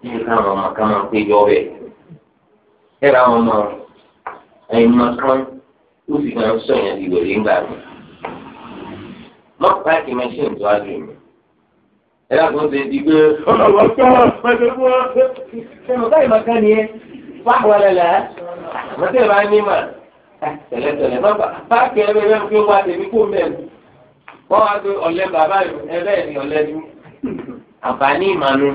níbi ọmọ kan máa péjọ bẹ́ẹ̀ ẹ ó sì máa ń sọ̀yàn ńgbà mi. mọ́ọ̀kì páàkì mẹ́ṣíìnì tó wájú mi. ẹ lákòó ṣe di pé ọlọ́wọ́ kọ́ ọ̀pẹ̀lẹ́wọ́. ṣé mo báyìí máa kán ni ẹ fáwọn ọlẹ́lẹ̀ ẹ́ mọ́tẹ́ bá ní mà ah, tẹ̀lẹ́tẹ̀lẹ́ má páàkì ẹ bẹ́ẹ̀ fi wá tèmi kó mẹ́rin. wọ́n wá pé ọ̀lẹ́ bàbá ẹ bẹ́ẹ̀ ni ọ̀lẹ́ ni àǹfààní ìmànú.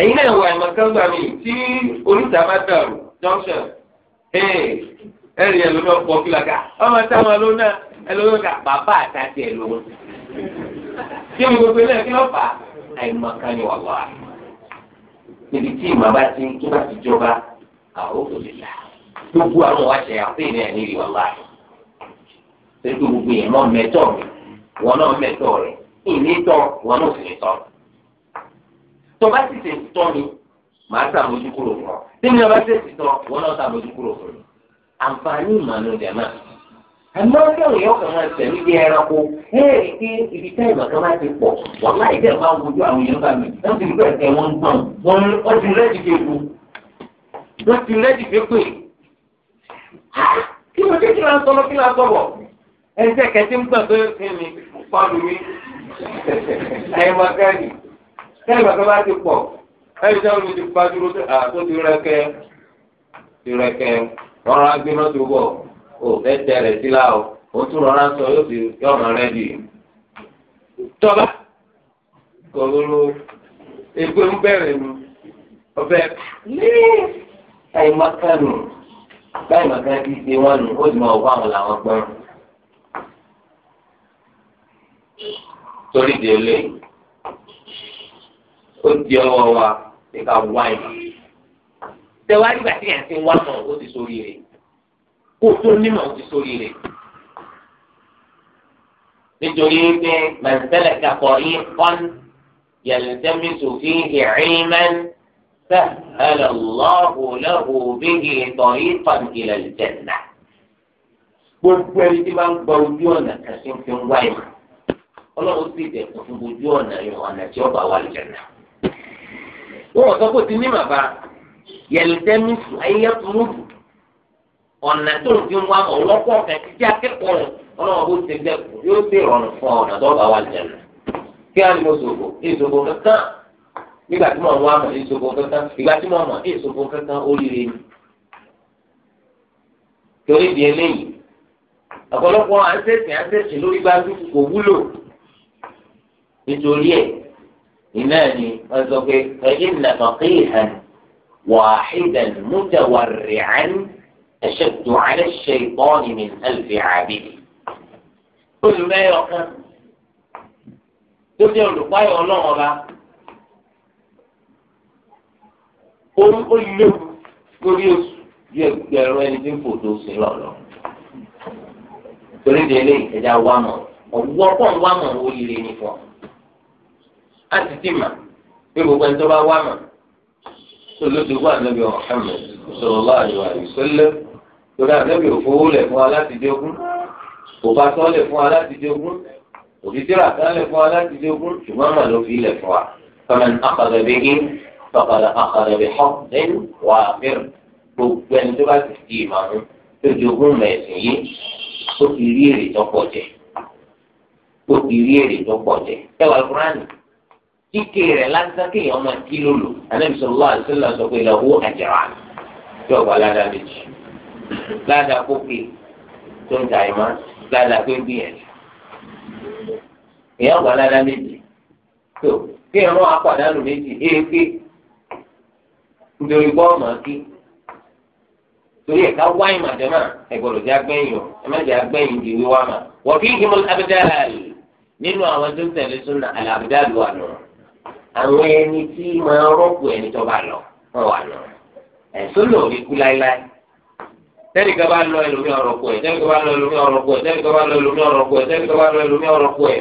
ẹ̀yin náà wọ àìmọ̀kángbà mi tí oníta bá dàrú ẹ̀rì ẹ̀ lómi ọ̀pọ̀ kí ọmọ táwọn ló náà ẹ̀ lómi ọ̀kà bàbá àtàtì ẹ̀ lómi. kí gbogbo ilé ẹ̀ kí ló kan ni wà wá. tí ìmọ̀ bá ti tó bá ti jọba àwọn òkòlè là gbogbo àwọn wa ṣe àfihàn ẹ̀ níri wà wá. pé gbogbo yẹn mọ mẹtọ rẹ wọn náà mẹtọ rẹ ìnítọ wọn náà sì tọ. tó bá ṣe mi ọ. àǹfààní ìmọ̀nù jẹ̀mọ́. àmọ́ ọ̀dọ́rùn yóò kàn máa tẹ̀lé bí ẹranko léèrè pé ibi tẹ́ ìmọ̀ kan máa ti pọ̀ wọ́n láì dẹ̀ máa wojú àwọn èèyàn bá mi wọ́n ti bẹ̀rẹ̀ tẹ̀ wọ́n gbọ̀n wọ́n wọ́n ti rẹ́ẹ̀dì fẹ́ kú wọ́n ti rẹ́ẹ̀dì fẹ́ pè. kí ló dé kí lóun sọ̀rọ̀ kí lóun sọ̀rọ̀ ẹ̀ńtẹ́ kẹ́tí ń gbà pé kí ni pọ́ọ̀lù mi ẹ̀yìnmọ̀ kẹ́ni kẹ́ni tirẹkẹ rọra gbé mọ́tò bọ̀ ò tẹrẹ sílá o ò tún rọra sọ yóò yọ yọmọ rẹ di tọba kòlóró Egbe ń bẹ̀rẹ̀ mu ọbẹ lee àyèmọkànù báyìmọkànù ti ṣe wọn nù ó sì máa wọ àwọn làwọn gbọn torí di di ọwọ́ tẹwárí gbà tí yẹn ti wá mọ̀ ó ti sórí rẹ̀ kó tó nímọ̀ ó ti sórí rẹ̀ nítorí pé màǹtẹ́lẹ̀ kakọ̀ yín kọ́n yẹ̀lẹ́tẹ́mí sòfin ìrìn mẹ́rin sẹ́hẹ́lẹ̀ lọ́hùn lẹ́hùn bíi ìtọ̀ yìí pàǹkìlẹ̀ jẹ̀nà gbogbo ẹni tí bá gba ojú ọ̀nà kan sí fi ń wá ìmọ̀ ọlọ́run sì dẹ̀kun fún ojú ọ̀nà ìmọ̀ ọ̀nà tí ó bá wà lẹ́nà. wọ́n sọ pé ó ti ní màbá yẹlẹtẹmísù ayẹtùmùdù ọ̀nà tó ń fi wá ọ̀lọ́pọ̀ kan ti jẹ́ akẹ́kọ̀ọ́ rẹ̀ ọlọ́wọ́ bó ti gbẹ kù yóò sì rọrùn fún ọ̀nà tó bá wà jẹ̀nà. kí á ní mo sòfò kankan nígbà tí mo ń wá mọ̀ èsòfò kankan ìgbà tí mo mọ̀ èsòfò kankan ó rí rèé. torí di eléyìí ọ̀pọ̀lọpọ̀ àńsẹ̀sìn àńsẹ̀sìn lórí gbájú kò wúlò nítorí ẹ̀ ìnáà ni واحدا متورعا أشد على الشيطان من ألف عابد كل ما يقول تبدي أقول باي الله ولا قل قل له قل يوسف يقول أنا جن فوتو سيلا لا تريد لي إذا وامر ọwọ́ pọ̀ ń wámọ̀ ó lè ní fún ọ. a ti ti mà bí gbogbo ẹni tó bá wámọ̀ olódogbó ànábì Muhammad sallallahu alaihi wasallam torí ànábì òfowó lẹ̀ fún wa láti jogún òbá tán lẹ̀ fún wa láti jogún òfìsírà tán lẹ̀ fún wa láti jogún ṣùgbọ́n mà ló fi fún wa faman akhadha bihi faqad akhadha bi haqqin wafir gbogbo ẹni tó bá ti di ìmọ̀ràn tó jogún mẹ̀sìn yìí ó ti rí èrè tó pọ̀ jẹ ó ti rí èrè tó pọ̀ jẹ ẹ wà lóko ránì kíkè rẹ̀ lásán kéèyàn máa kí lólo anábì sallallahu alaihi wasallam sọ pé lahu ajran yóò wà ládàá méjì ládàá kókè tó ń ta ìmọ̀ ládàá pé gbìyànjú èèyàn wà ládàá méjì tó kéèyàn wọn apàdánù méjì éèké nítorí bọ́ọ̀ máa kí torí ẹ̀ ká wáyé màdẹ́mà ẹ̀gbọ́dọ̀ jẹ́ agbẹ́yìn o ẹ̀ má jẹ́ agbẹ́yìn di wíwá mà wọ́n fi ń kí mo abẹ́dá nínú àwọn tó ń tẹ̀lé sunna àlàbẹ́dá àná àwọn ẹni tí máa rọ́pò ẹni tó bá lọ wọn wà lọ ẹ̀sùn lò ní kú láéláé tẹ́nìkan bá lọ ẹlòmí ọ̀rọ̀ pọ̀ ẹ̀ tẹ́nìkan bá lọ ẹlòmí ọ̀rọ̀ pọ̀ ẹ̀ tẹ́nìkan bá lọ ẹlòmí ọ̀rọ̀ pọ̀ ẹ̀ tẹ́nìkan bá lọ ẹlòmí ọ̀rọ̀ pọ̀ ẹ̀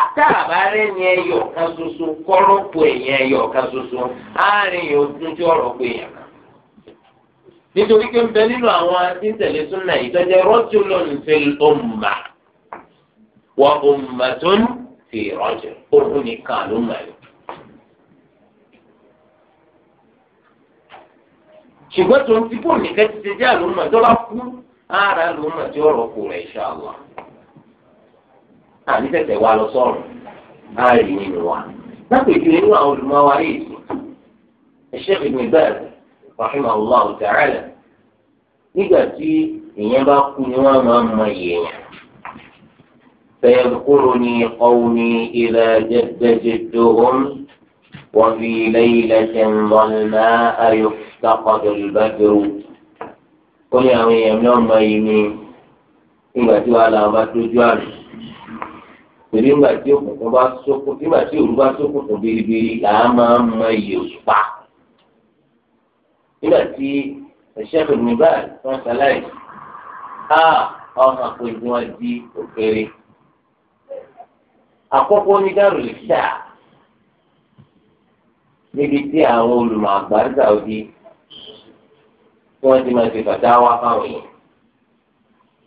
àtàbà rẹ̀ ní ẹyọ kan ṣoṣo kọ́rọ̀ pọ̀ ẹ̀yìn ẹyọ kan ṣoṣo àárín yóò tí ọ̀rọ̀ pọ̀ ẹ̀yàn kan. nítorí pé ń bẹ nínú àwọn tíntẹ̀lé súnà ìtọ́jẹ́ rọ́jùlọ́n fi ṣùgbọ́n tó ń ti bò nìkan ti ṣe jẹ́ àlùmọ̀ tó bá kú ara àlùmọ̀ tí ọ̀rọ̀ kù rẹ̀ insha Allah. àní tẹ̀tẹ̀ wa lọ sọ̀rọ̀ á rí nínú wa lápèjú nínú àwọn olùmọ̀wá yìí ẹ̀ṣẹ́ ìgbìn bẹ́ẹ̀ rahimahullah ta'ala nígbà tí èèyàn bá kú ni wọ́n máa mọ èèyàn. فيذكرني قومي إذا جد جدهم وفي ليلة ظلماء يفتقد البدر قل يا مريم يوم يمين ìgbà tí wàhálà bá dojú àmì pẹ̀lú ìgbà tí òkùnkùn bá sókùn ìgbà tí òru bá sókùnkùn biribiri là á máa ń mọ iye òṣùpá nígbà tí ẹ̀ṣẹ́ pẹ̀lú nígbà tí wọ́n ṣaláì á ọmọ àpò ìdí wọn di òkèrè àkọ́kọ́ ní dàrú lè ṣáà níbi tí àwọn olùmọ̀ àgbà Saudi tí wọ́n ti máa fi bàtà wá fáwọn èèyàn.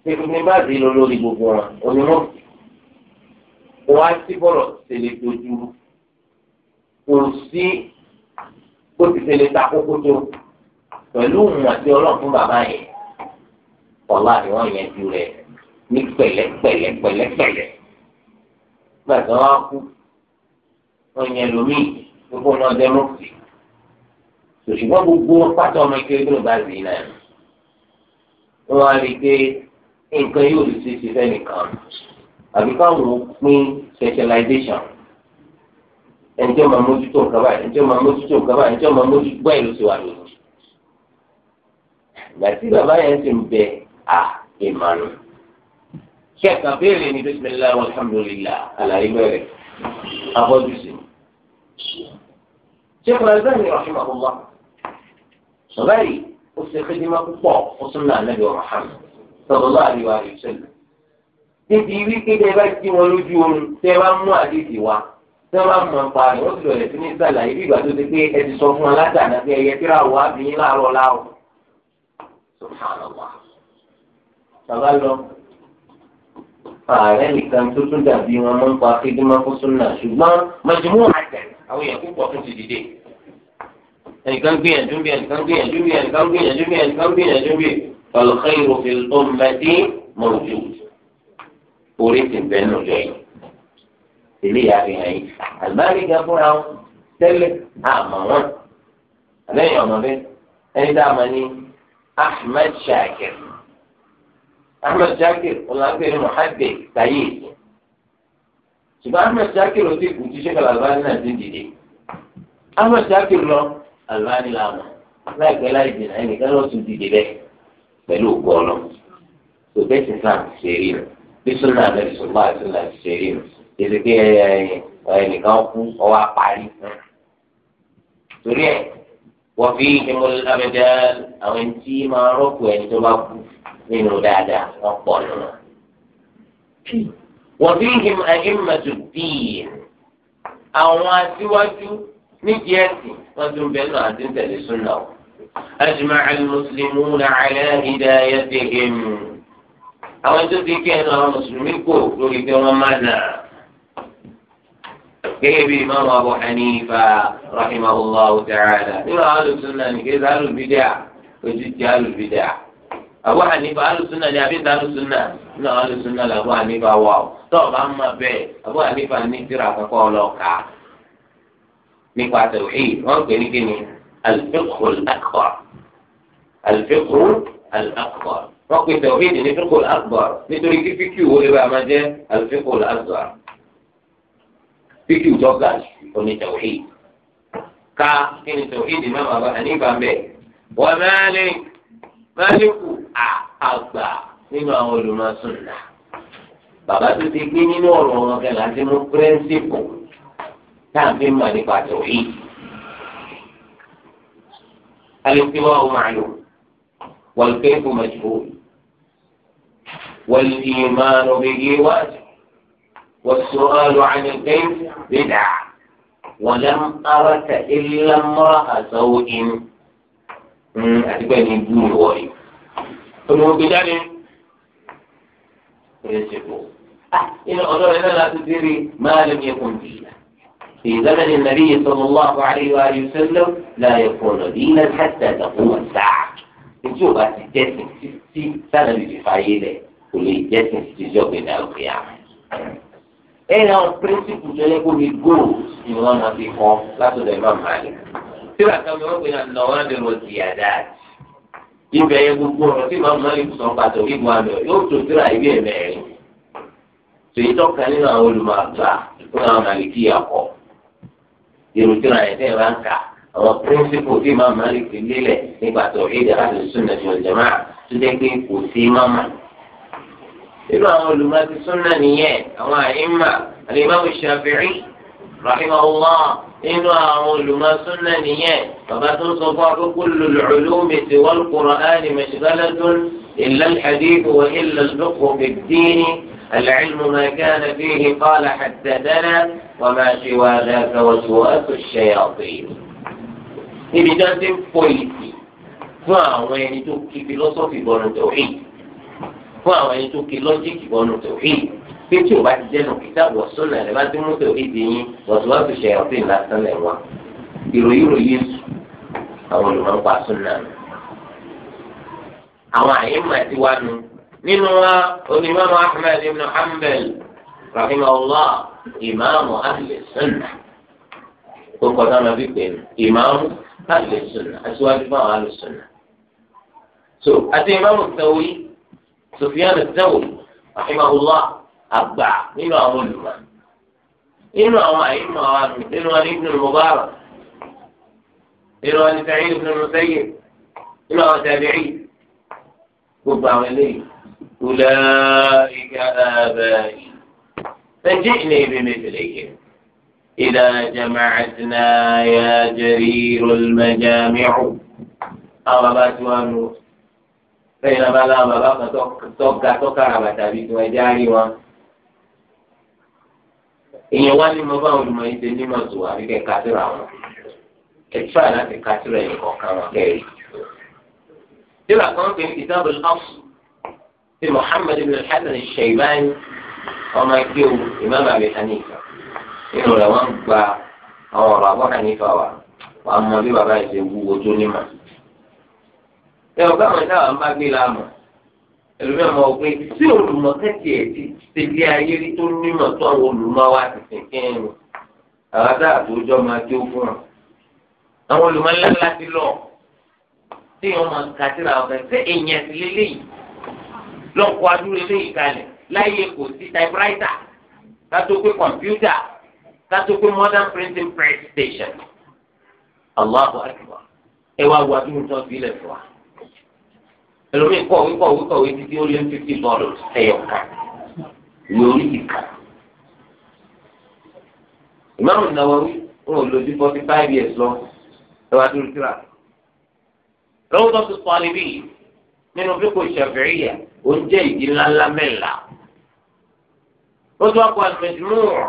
Ṣèkùnmí bá ti lọ lórí gbogbo wọn, onímọ̀ wọ́n á sí bọ̀rọ̀ tẹ̀lé dojú kò sí bó ti tẹ̀lé ta kókó tó pẹ̀lú òun àti ọlọ́run fún bàbá yẹn ọ̀la ni wọ́n yẹn ju rẹ̀ ní pẹ̀lẹ́pẹ̀lẹ́ pẹ̀lẹ́pẹ̀lẹ́ gbàtà kú wọ́n yẹn lómìn gbogbo ọ̀nà ọjọ́ mọ́kì ṣùgbọ́n gbogbo pátá ọmọ ike ló bá rí náà wọ́n wá rí i pé nǹkan yóò lè ṣeéṣe fẹ́nìkan àbí káwọn ò pín specialization ẹnjẹ́ máa mójútó nǹkan báyìí ẹnjẹ́ máa mójútó nǹkan báyìí ẹnjẹ́ máa mójútó báyìí ló ti wà lónìí. ìgbà tí bàbá yẹn ti ń bẹ à ìmọ̀nù kí ẹ̀ka béèrè ní bisimilahi alhamdulilayi alayi bẹ̀rẹ̀ abọ́jú sí i. شيخ الألباني رحمه الله صغير وسيخدم قطاع وصلنا النبي محمد صلى الله عليه وآله وسلم títí wí kéde bá ti wọn lójú oorun tẹ bá mú àdéhìí wa tẹ bá mú ọpa rẹ wọn ti lọlẹ sí ní sàlàyé bí ìgbà tó ti pé ẹ ti sọ fún wọn látàná ẹyẹ tíra wọ abìyín láàárọ̀ láàrọ̀ subhanallah bàbá lọ ààrẹ nìkan tó tún dàbí wọn mọ nípa kéde má fún súnà ṣùgbọ́n àwọn èèyàn púpọ̀ tún ti dìde ẹnìkan gbìyànjú bí ẹnìkan gbìyànjú bí ẹnìkan gbìyànjú bí ẹnìkan gbìyànjú bí al-khayru fil-ummati mawjud orí ti bẹ́ẹ̀ nù lọ yìí ilé yàrá yìí àlùbáríkà fúnra wọn tẹ́lẹ̀ àmọ́ wọn àlẹ́yìn ọ̀nà bẹ́ẹ̀ ẹni tá a mọ̀ ní Ahmed Shakir Ahmed Shakir ọ̀làgbẹ̀rẹ̀ muhammed tayyid ṣùgbọ́n ahmed jakiru ti kù tí sẹ́kọ̀ọ́ albani náà ti dìde ahmed jakiru lọ albani la mọ̀ láìpẹ́ láì dènà ẹnìkan lọ́ọ́ tún dìde bẹ́ẹ̀ pẹ̀lú òkú ọlọ́ tó bẹ́ẹ̀ sì sàn ṣe rí nù bí sunna abẹ́rẹ́ sọ̀rọ̀ bá sunna ṣe rí nù èdè pé ẹnìkan kú ọwọ́ apárí torí ẹ wọ́n fi ìmọ̀lẹ́ abẹ́dẹ́ àwọn ẹni tí máa rọ́pò ẹni tó bá kú nínú dáadáa wọ́n pọ̀ nù wọn. وفيهم أئمة الدين àwọn aṣíwájú nídìí ẹ̀sìn wọ́n tún bẹ́ẹ̀ náà àti tẹ̀lé súnà o. أجمع المسلمون على هدايتهم àwọn tó ti kẹ́ ẹnu àwọn mùsùlùmí kò lórí pé wọ́n má nà. gẹ́gẹ́ bí imaamu abu hanifa rahimahullahu ta'ala nínú àwọn olùsùn náà nìkejì alùbídà ojú ti alùbídà. Abu Hanifa alùsùnà ni àbí ìdálùsùnà ní àwọn alùsùnà làbú Hanifa wà ó tọ́ọ̀ bá ń mọ̀ bẹ́ẹ̀ Abu Hanifa ní tírà àkọ́kọ́ ọlọ́ọ̀ka nípa tawhid wọ́n pè ní kíni al-fiqhu al-akbar al-fiqhu al-akbar wọ́n pè tawhid ní fiqhu al-akbar nítorí kí fíkìú wo lè bá a máa jẹ́ al-fiqhu al-asghar fíkìú tó ga jù ní tawhid ká kíni tawhid Imam Abu Hanifa ń bẹ̀ wọ́n Malik kù àgbà nínú àwọn olùmọ̀sùn náà bàbá tó ti gbé nínú ọ̀rọ̀ wọn kẹ́ láti mú pírẹ́ńsìpù táàbí mà nípa tòwí. الاستواء معلوم والكيف مجهول والإيمان به واجب والسؤال عن الكيف بدعة ولم أرك إلا امرأة سوء أتبني دون ورث olùwògbéjáde ẹsẹ kù inú ọ̀dọ́ rẹ̀ náà láti dé rí máa lè ní ẹkùn bì í في زمن النبي صلى الله عليه وآله وسلم لا يكون دينا حتى تقوم الساعة نشوف أتجسم ستي سنة بفعيلة كل يجسم ستي جوب إلى القيامة ẹ̀yìn àwọn píríncípù tó yẹ kó ní góòlù ni wọ́n máa fi kọ́ látọ̀dọ̀ Imam Malik. síbà kan mi wọ́n pe náà nọ̀wọ́n lè rọ̀ sí àdáàtì ibẹ̀ yẹ gbogbo ọ̀rọ̀ tí màmú máa ń sọ pàtó ìbò àmì yóò tó síra ibi ẹ̀ mẹ́rin tòyí tọ́ka nínú àwọn olùmọ̀ọ́gbà fún àwọn màlìkì yàkọ̀ irú síra ẹ̀ tẹ́ ẹ bá ń kà àwọn píríncípù tí màmú máa ń fi lélẹ̀ nípa tó ìdá àti súnà ti ọ̀jẹ̀ máa tó jẹ́ pé kò sí màmá. nínú àwọn olùmọ̀ọ́gbà ti súnà nìyẹn àwọn àyínmà àlè رحمه الله إما أقول ما سنة نية فما تنصفاك كل العلوم سوى القرآن مشغلة إلا الحديث وإلا الفقه في الدين العلم ما كان فيه قال حدثنا وما سوى ذاك وسوءات الشياطين في بجانب بوليتي فهو يعني توكي فيلوسوفي بون التوحيد فهو يعني توكي لوجيكي بون التوحيد pé tí o bá ti jẹ́nu kíkà wọ̀ sọ́nà ẹ̀ bá ti mú tó ìdí yín wọ̀tún wá fi ṣẹ̀yàn fún ìlàsán ẹ̀ wá ìròyìn ròyìn sùn àwọn olùmọ̀ ń pa àwọn àyè ti wá nu nínú wa onímọ̀ Ahmad ibn Hanbal rahimahullah ìmáàmù ahli sunna kó kọjá lọ bí pé ìmáàmù ahli sunna aṣíwájú fún àwọn ahli sunna. so àti ìmáàmù Thawri Sufyan ath-Thawri rahimahullah. àgbà nínú àwọn olùmọ̀ nínú àwọn àyínmọ̀ àwọn àmì nínú wọn ní Ibn Mubarak nínú wọn ní Sa'id ibn Musayyib nínú àwọn tabi'i gbogbo àwọn eléyìí kúlẹ̀ ìgbà bẹ́ẹ̀ فجئنا بمثله إذا جمعتنا يا جرير المجامع أربات وانو فإن بلا مبقى توقع توقع ربا تابيت وجاري وانو èèyàn wá ní mo bá wọn mọ ìṣe ní màtò àbí kẹ kásìrà wọn ẹ tíra láti kásìrà yìí kọ̀ọ̀kan wọn kẹrì. tíra kan fi kìtàbù lọ́sù ti Muhammad ibn al-Hasan al-Shaybani ọmọ ẹgbẹ́ o Imam Abi Hanifa nínú rẹ̀ wọ́n gba àwọn ọ̀rọ̀ Abu Hanifa wa wọ́n mọ bí bàbá yìí ṣe wúwo tó ní ẹ ọ̀gá àwọn ìdáwà ń bá gbé láàmú ẹlòmíràn máa wọ pé tí olùmọ̀ kẹ́tì ẹ̀ ti tẹ̀lé ayé rí tó nímọ̀ tó àwọn olùmọ̀ wa ti sìn kẹ́hìn àwọn adá àtòjọ́ máa tó fún wọn. àwọn olùmọ̀ ńlá ńlá ti lọ tí wọ́n máa ka síra ọ̀gá ṣé èèyàn ti léléyìí lọ́kọ̀ adúlé léyìí kalẹ̀ láyé kò sí typewriter kátó pé kọ̀mpútà kátó pé modern printing press station. Allah akbar ẹ wá wo adúlé tó fi lẹ̀ fún wa ẹlòmíì kọ̀ wíkọ̀ wíkọ̀ wí títí ó lé ní fifty dollars ẹ̀yọ̀ kan ìwé orí ìka. ìmáàmù Nawawi wọn ò lójú forty five years lọ ẹ wá dúró síra. lọ́wọ́ tó ti pọ́n níbí nínú fíkò ṣàfẹ́ríyà ó ń jẹ́ ìdí ńláńlá mẹ́la. ó tún akọ al-Majmu'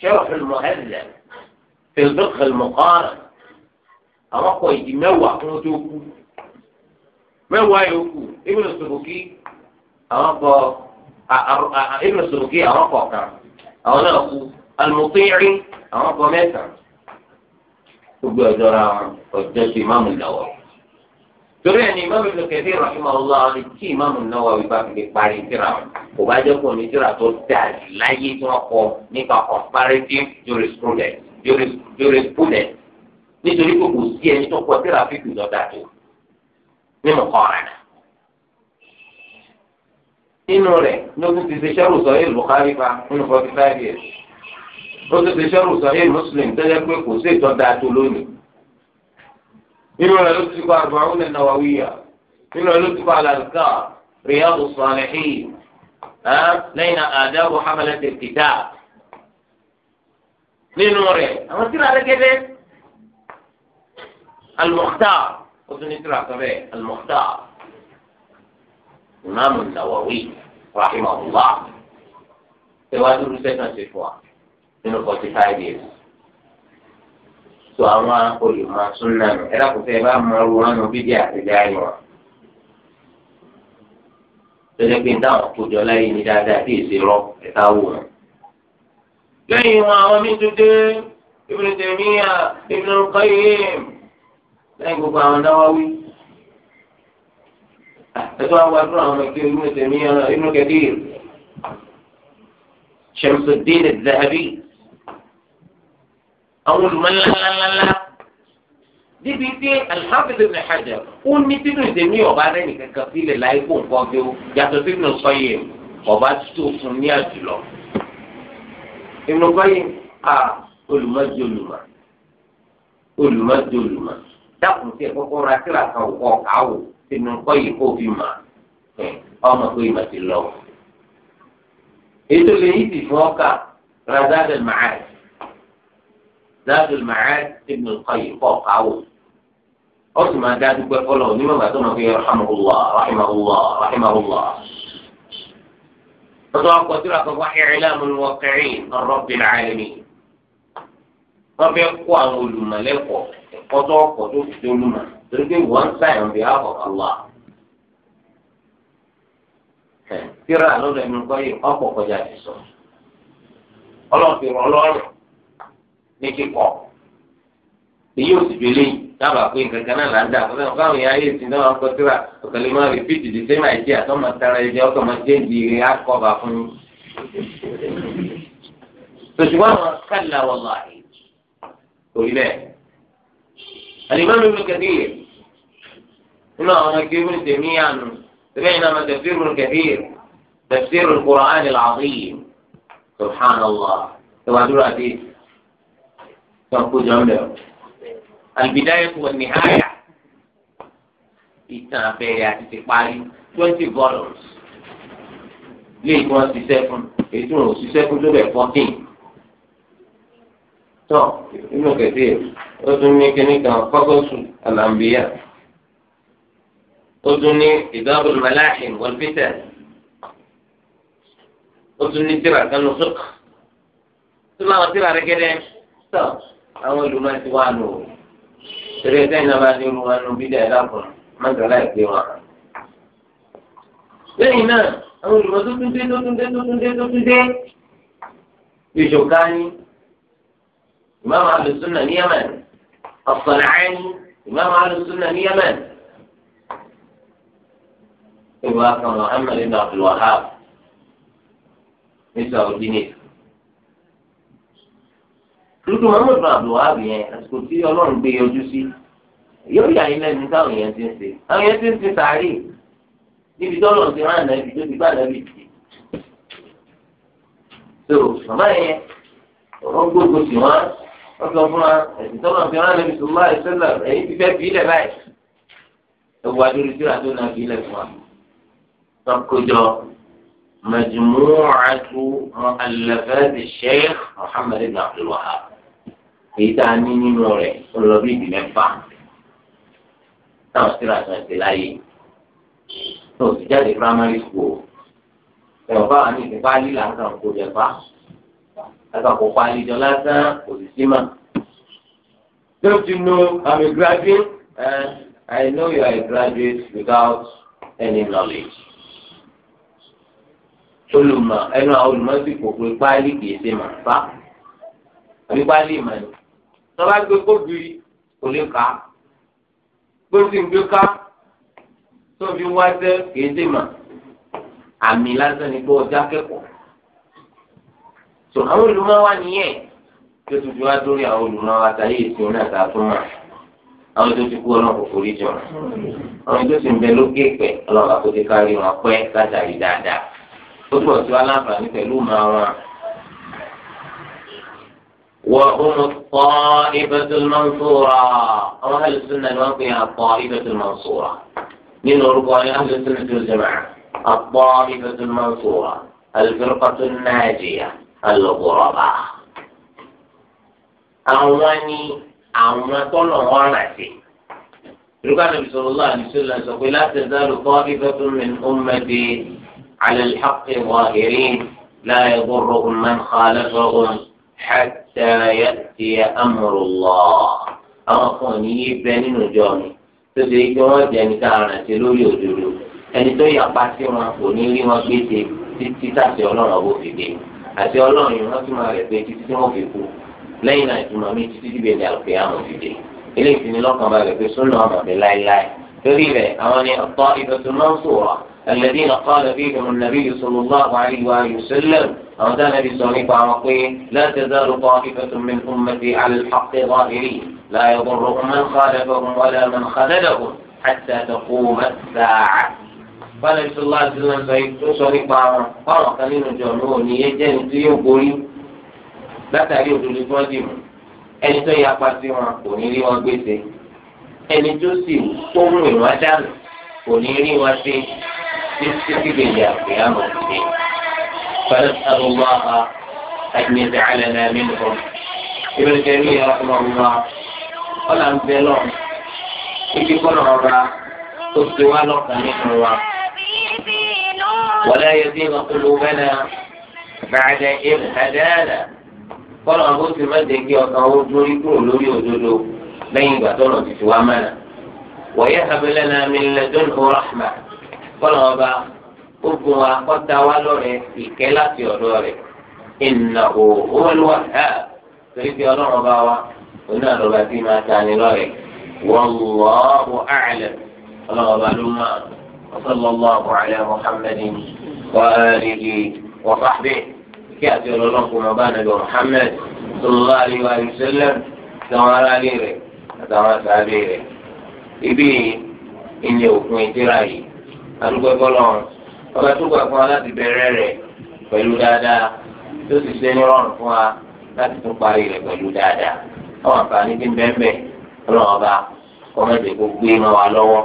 sharh al-Muhadhab fi al àwọn kọ ìdí mẹ́wàá fún tó kú mẹ́wàá yòókù ibùdó sòbòkì àwọn kọ ibùdó sòbòkì àwọn kọ̀ọ̀kan àwọn náà kú alùpùpìrì àwọn kọ mẹ́sàn-án gbogbo ọjọ́ ra wọn ọjọ́ sí ìmáàmù ìnáwó torí ẹni ìmáàmù ìlú kẹfì rahimahullah ni kí ìmáàmù ìnáwó ibà fi lè parí tíra wọn kò bá jẹ́ kó ní tíra tó dáa láyé tí wọ́n kọ nípa comparative jurisprudence jurisprudence nítorí kò kò sí ẹni tó kọ tíra fífi lọ́dà tó. nínú kọ́ra inú rẹ̀ lókun ti ṣe sẹ́rù sọ yìí Bukhari fa nínú forty five years ó ti ṣe sẹ́rù sọ yìí Muslim tẹ́lẹ̀ pé kò sí ìtọ́ da tó lónìí inú rẹ̀ ló ti kọ́ Arba'un an-Nawawiyya inú rẹ̀ ló ti kọ́ Al-Adhkar Riyadu Salihin lẹ́yìn Adabu hamalat al-kitab nínú rẹ̀ àwọn tí wọ́n adé gẹ́gẹ́ Al-Mukhtar. ó tún ní tíra kan bẹ́ẹ̀ al-Mukhtar ìmáàmù Nawawi rahimahullah tẹwájú rúṣẹ́kàn ti fún wa nínú forty five years tó àwọn olùmọ̀ súnà nù ẹ̀rọ kò fẹ́ bá mọ ọrùn wọn nù bíbí àtẹ̀jẹ́ ayé wọn pé ń dáhùn kójọ láyé ní dáadáa kí èsì rọ ẹ̀ka wò wọn. lẹ́yìn wọn àwọn mi tún dé Ibn Taymiyyah Ibn Qayyim lẹ́yìn gbogbo àwọn náwó wí. ẹ̀tọ́ àwọn àdúrà àwọn ẹ̀kẹ́ inú ẹ̀sẹ̀ mi ẹ̀rọ inú kẹ̀kẹ́ Shamsuddin Zahabi àwọn olùmọ̀lálálálá níbi pé Al-Hafiz Ibn Hajar ó ní sínú ìdèmí ọba rẹ̀ nìkan kan sílẹ̀ láì kó nǹkan bí ó yàtọ̀ sínú sọ́yẹ̀ ọba tó fún ní àjùlọ. Ibn Qayyim a olùmọ̀jì olùmọ̀ olùmọ̀jì olùmọ̀ dákùn sí ẹ̀kọ́kọ́ ra síra kan òkọ́ káwò sínú nǹkan yìí kó fi mà ọmọ pé ìmọ̀ ti lọ. ètò lè yí ti fún ọkà ra Zadul Ma'ad Zadul Ma'ad sínú nǹkan yìí kọ́ káwò ó sì máa dá dúpẹ́ fọlọ́ onímọ̀ ìgbà tó máa fi rahimahullah rahimahullah rahimahullah. wọ́n tún wá kọ́ síra kan fún I'lamul Waqi'in ar-Rabbil 'Alamin. wọ́n fẹ́ kó àwọn olùmọ̀lẹ́kọ̀ọ́ ẹ̀kọ́ tó tó fi tó lùmọ̀ torí pé wọ́n ń sáyẹn on behalf of Allah. tíra lọ́dọ̀ ẹ̀mí kọ́ yìí kọjá ti sọ. ní èyí ò sì dábàá pé nǹkan kan náà là ń dà ayé ìsìn náà wọn kọ máa tara fún وإله الإمام ابن كثير هنا مكتوب جميعا سمعنا ما تفسير ابن كثير تفسير القرآن العظيم سبحان الله كما تقول عزيز تنقل جمله البداية والنهاية إتنا بيري عزيزي قاري 20 volumes ليه كما سيسيكم إتنا سيسيكم جوبة 14 tọ́ inú kẹ̀kẹ́ ó tún ní kíní kan fọ́kọ́sù alàmbíyà ó tún ní ìdáàbò mẹláhìn wọlbítà ó tún ní tíra kanu sọ́kà tó láwọn tíra rẹ̀ gẹ́gẹ́ tọ́ àwọn olùmọ̀ ti wà nù tẹ̀lé sẹ́yìn náà bá ní olùmọ̀ nù bídà ẹ̀ lápò mọ́tàlá ẹ̀ pé wọn. lẹ́yìn náà àwọn olùmọ̀ tó tún dé tó tún dé tó tún dé tó tún dé ìṣòkání. إمام أهل السنة اليمن الصنعاني إمام أهل السنة اليمن أكرم محمد بن عبد الوهاب نساء الدين tuntun mahmud wa abdulwahab yẹn àsìkò tí ọlọ́run gbé yọjú sí yóò yà yín lẹ́nu táwọn èèyàn ti ń ṣe àwọn èèyàn ti ń ṣe sàárè yẹn ti rán sàárì nibi tó ti máa gbà ànábì tì. so màmá yẹn ọ̀rọ̀ gbogbo sí wọn wọ́n sọ fún wa ẹ̀sìn tọ́lọ̀ fi hàn lẹ́bi sọ́lá ìṣẹ̀lẹ̀ ẹ̀yìn ti fẹ́ fi ilẹ̀ báyìí. ewu adúlù tíra tó náà fi ilẹ̀ fún wa. tọkọjọ majmu'atu mu'allafat sheikh muhammad ibn abdul wahab. èyí tá a ní nínú rẹ̀ olórí ìdí mẹ́fà táwọn tíra tó ń ṣe tó ti jáde primary school. ẹ̀rọ báwa ní ìsìnká lílà ń kàn kó jẹ fáà kàkà kó parí jọ lásán kò sì sí mà. tó ti nu àmì graduate I know you are a graduate without any knowledge. olùmọ̀ ẹnu àwọn olùmọ̀ sì kò pé páálí kìí ṣe mà bá àbí páálí ìmọ̀ ni. tọ́ba gbé kóbìrì kò lè kà á gbé sì ń gbé ká tó fi wá sẹ́ kìí ṣe mà àmì lásán ni pé ọjà kẹ́kọ̀ọ́ tó àwọn olùmọ̀wá nìyẹn tó tún fi wá dórí àwọn olùmọ̀wá tàyè ètò náà tà fún wa àwọn tó ti kú ọlọ́run kò forí jọ àwọn tó sì ń bẹ lókè pẹ̀ ọlọ́run àkókò kárí wọn pẹ́ látàrí dáadáa ó pọ̀ sí aláǹfààní pẹ̀lú màá wọn. وهم الطائفة المنصورة أو أهل السنة الواقعة الطائفة المنصورة من ركوع أهل السنة والجماعة الطائفة المنصورة الفرقة الناجية alọ̀gbọ̀rọ̀bà àwọn ni àwọn tọ́lọ̀ wọn rà sí. Irúgbà nàbì sallallahu alaihi wasallam sọ pé la tazalu ta'ifatun min ummati 'ala al-haqqi zahirin la yadurruhum man khalafahum hatta ya'tiya amrullah. Àwọn kan ní yé bẹ nínú ìjọ mi tó ṣe pé wọ́n jẹ́ níta àrántí lórí òdodo. Ẹni tó yàpá sí wọn kò ní rí wọn gbé ṣe títí tàṣẹ ọlọ́run ọ̀bọ̀ fìdí. àti ọlọ́run yìí wọ́n túmọ̀ rẹ̀ pé títí tí wọ́n fi kú ti máa rẹ̀ pé títí tí mi títí dìbò ní àlùkò yà wọ́n dìde eléyìí ti ní lọ́kàn balẹ̀ pé súnà ọmọ mi láéláé torí rẹ̀ àwọn ni ọ̀tọ́ ni lokan bale pe sona náà sòrọ̀ الذين قال فيهم النبي صلى الله عليه وآله وسلم أو ذا àwọn صليب عقيل لا تزال طائفة من أمتي على الحق ظاهرين لا يضرهم من خالفهم ولا من خذلهم حتى تقوم الساعة bálẹ̀ tó láti lọ sọ tó sọ nípa wọn báwọn kan nínú ìjọba òní yé jẹ́ ní tí yóò borí látàrí òdodo tí wọ́n dì mú ẹni tó yà pa sí wọn kò ní rí wọn gbèsè ẹni tó sì tó mú ìwọ́n dànù kò ní rí wọn ṣe títí tí gbèsè àgbéyàmọ̀ ṣe. فنسأل الله أن يجعلنا منهم ابن تيمية رحمه الله قال أن بلون إذ كنا ربنا تسوى لك منهم ولا يزيغ قلوبنا بعد إذ هدانا قال أبو في المدى كي جوري كل لوري بين بطولة سوامنا ويهب لنا من لدنه رحمة قال أبا أبو أخذ دوالوري في كلاس يدوري إنه هو الوهاب فريد يدور أبا وإن أربا فيما كان لوري والله أعلم قال أبا لما وصلى الله على محمد وآله وصحبه كاتب لكم مبانا محمد صلى الله عليه وسلم تمام عليه تمام عليه ibi ìní òkun ìdíra yìí alùpùpù bọ́lọ́run ọba tó gbà fún wa láti bẹ̀rẹ̀ rẹ̀ pẹ̀lú dáadáa tó sì ṣe ní rọrùn fún wa láti tún parí rẹ̀ pẹ̀lú dáadáa àwọn àǹfààní ti ń bẹ́ẹ̀ bẹ́ẹ̀ ọlọ́run ọba kọ́mẹ́tì kò gbé mọ́ wa lọ́wọ́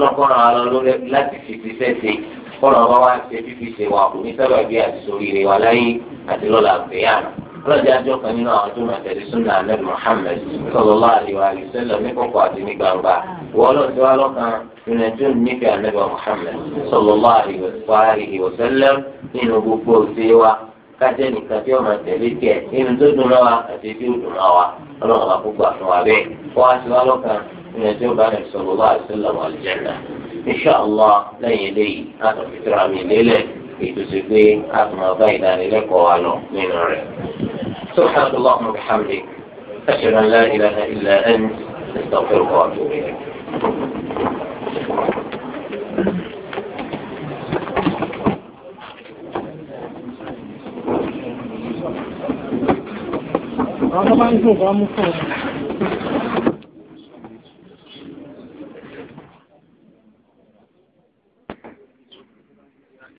lọ́kọ́ràn àlọ́ lórí láti fi ti sẹ́sẹ̀ kọ́ràn wá wá ṣe fífi ṣe wà kò ní sábà bí àti sórí rẹ̀ wà láyé àti lọ́la àgbéyàn ọlọ́jà àjọ kan nínú àwọn tó máa tẹ̀lé súnà anabi Muhammad sallallahu alaihi wa sallam ní kọ̀kọ̀ àti ní gbangba wọ́n ọlọ́sí wa lọ́kàn nínú tó nífẹ̀ẹ́ anabi Muhammad sallallahu alaihi wa sallam nínú gbogbo òsè wa kájẹ́ nìkan tí wọ́n tẹ̀lé tiẹ̀ nínú tó dùn náà wa àti tí ó dùn náà wa ọlọ́run àkókò àfihàn wọ́n á ti wá lọ́kàn ìyẹn tí ó bá rẹ̀ sọ̀rọ̀ wá àṣìlọ wà lẹ́nà insha Allah lẹ́yìn eléyìí láti fi tura mi lélẹ̀ ètò sí pé a tún máa bá ìdánilẹ́kọ̀ọ́ wa lọ nínú rẹ̀. سبحانك اللهم وبحمدك أشهد أن لا إله إلا أنت أستغفرك وأتوب إليك Àwọn ọmọ bá ń dùn bá mú fún ọ.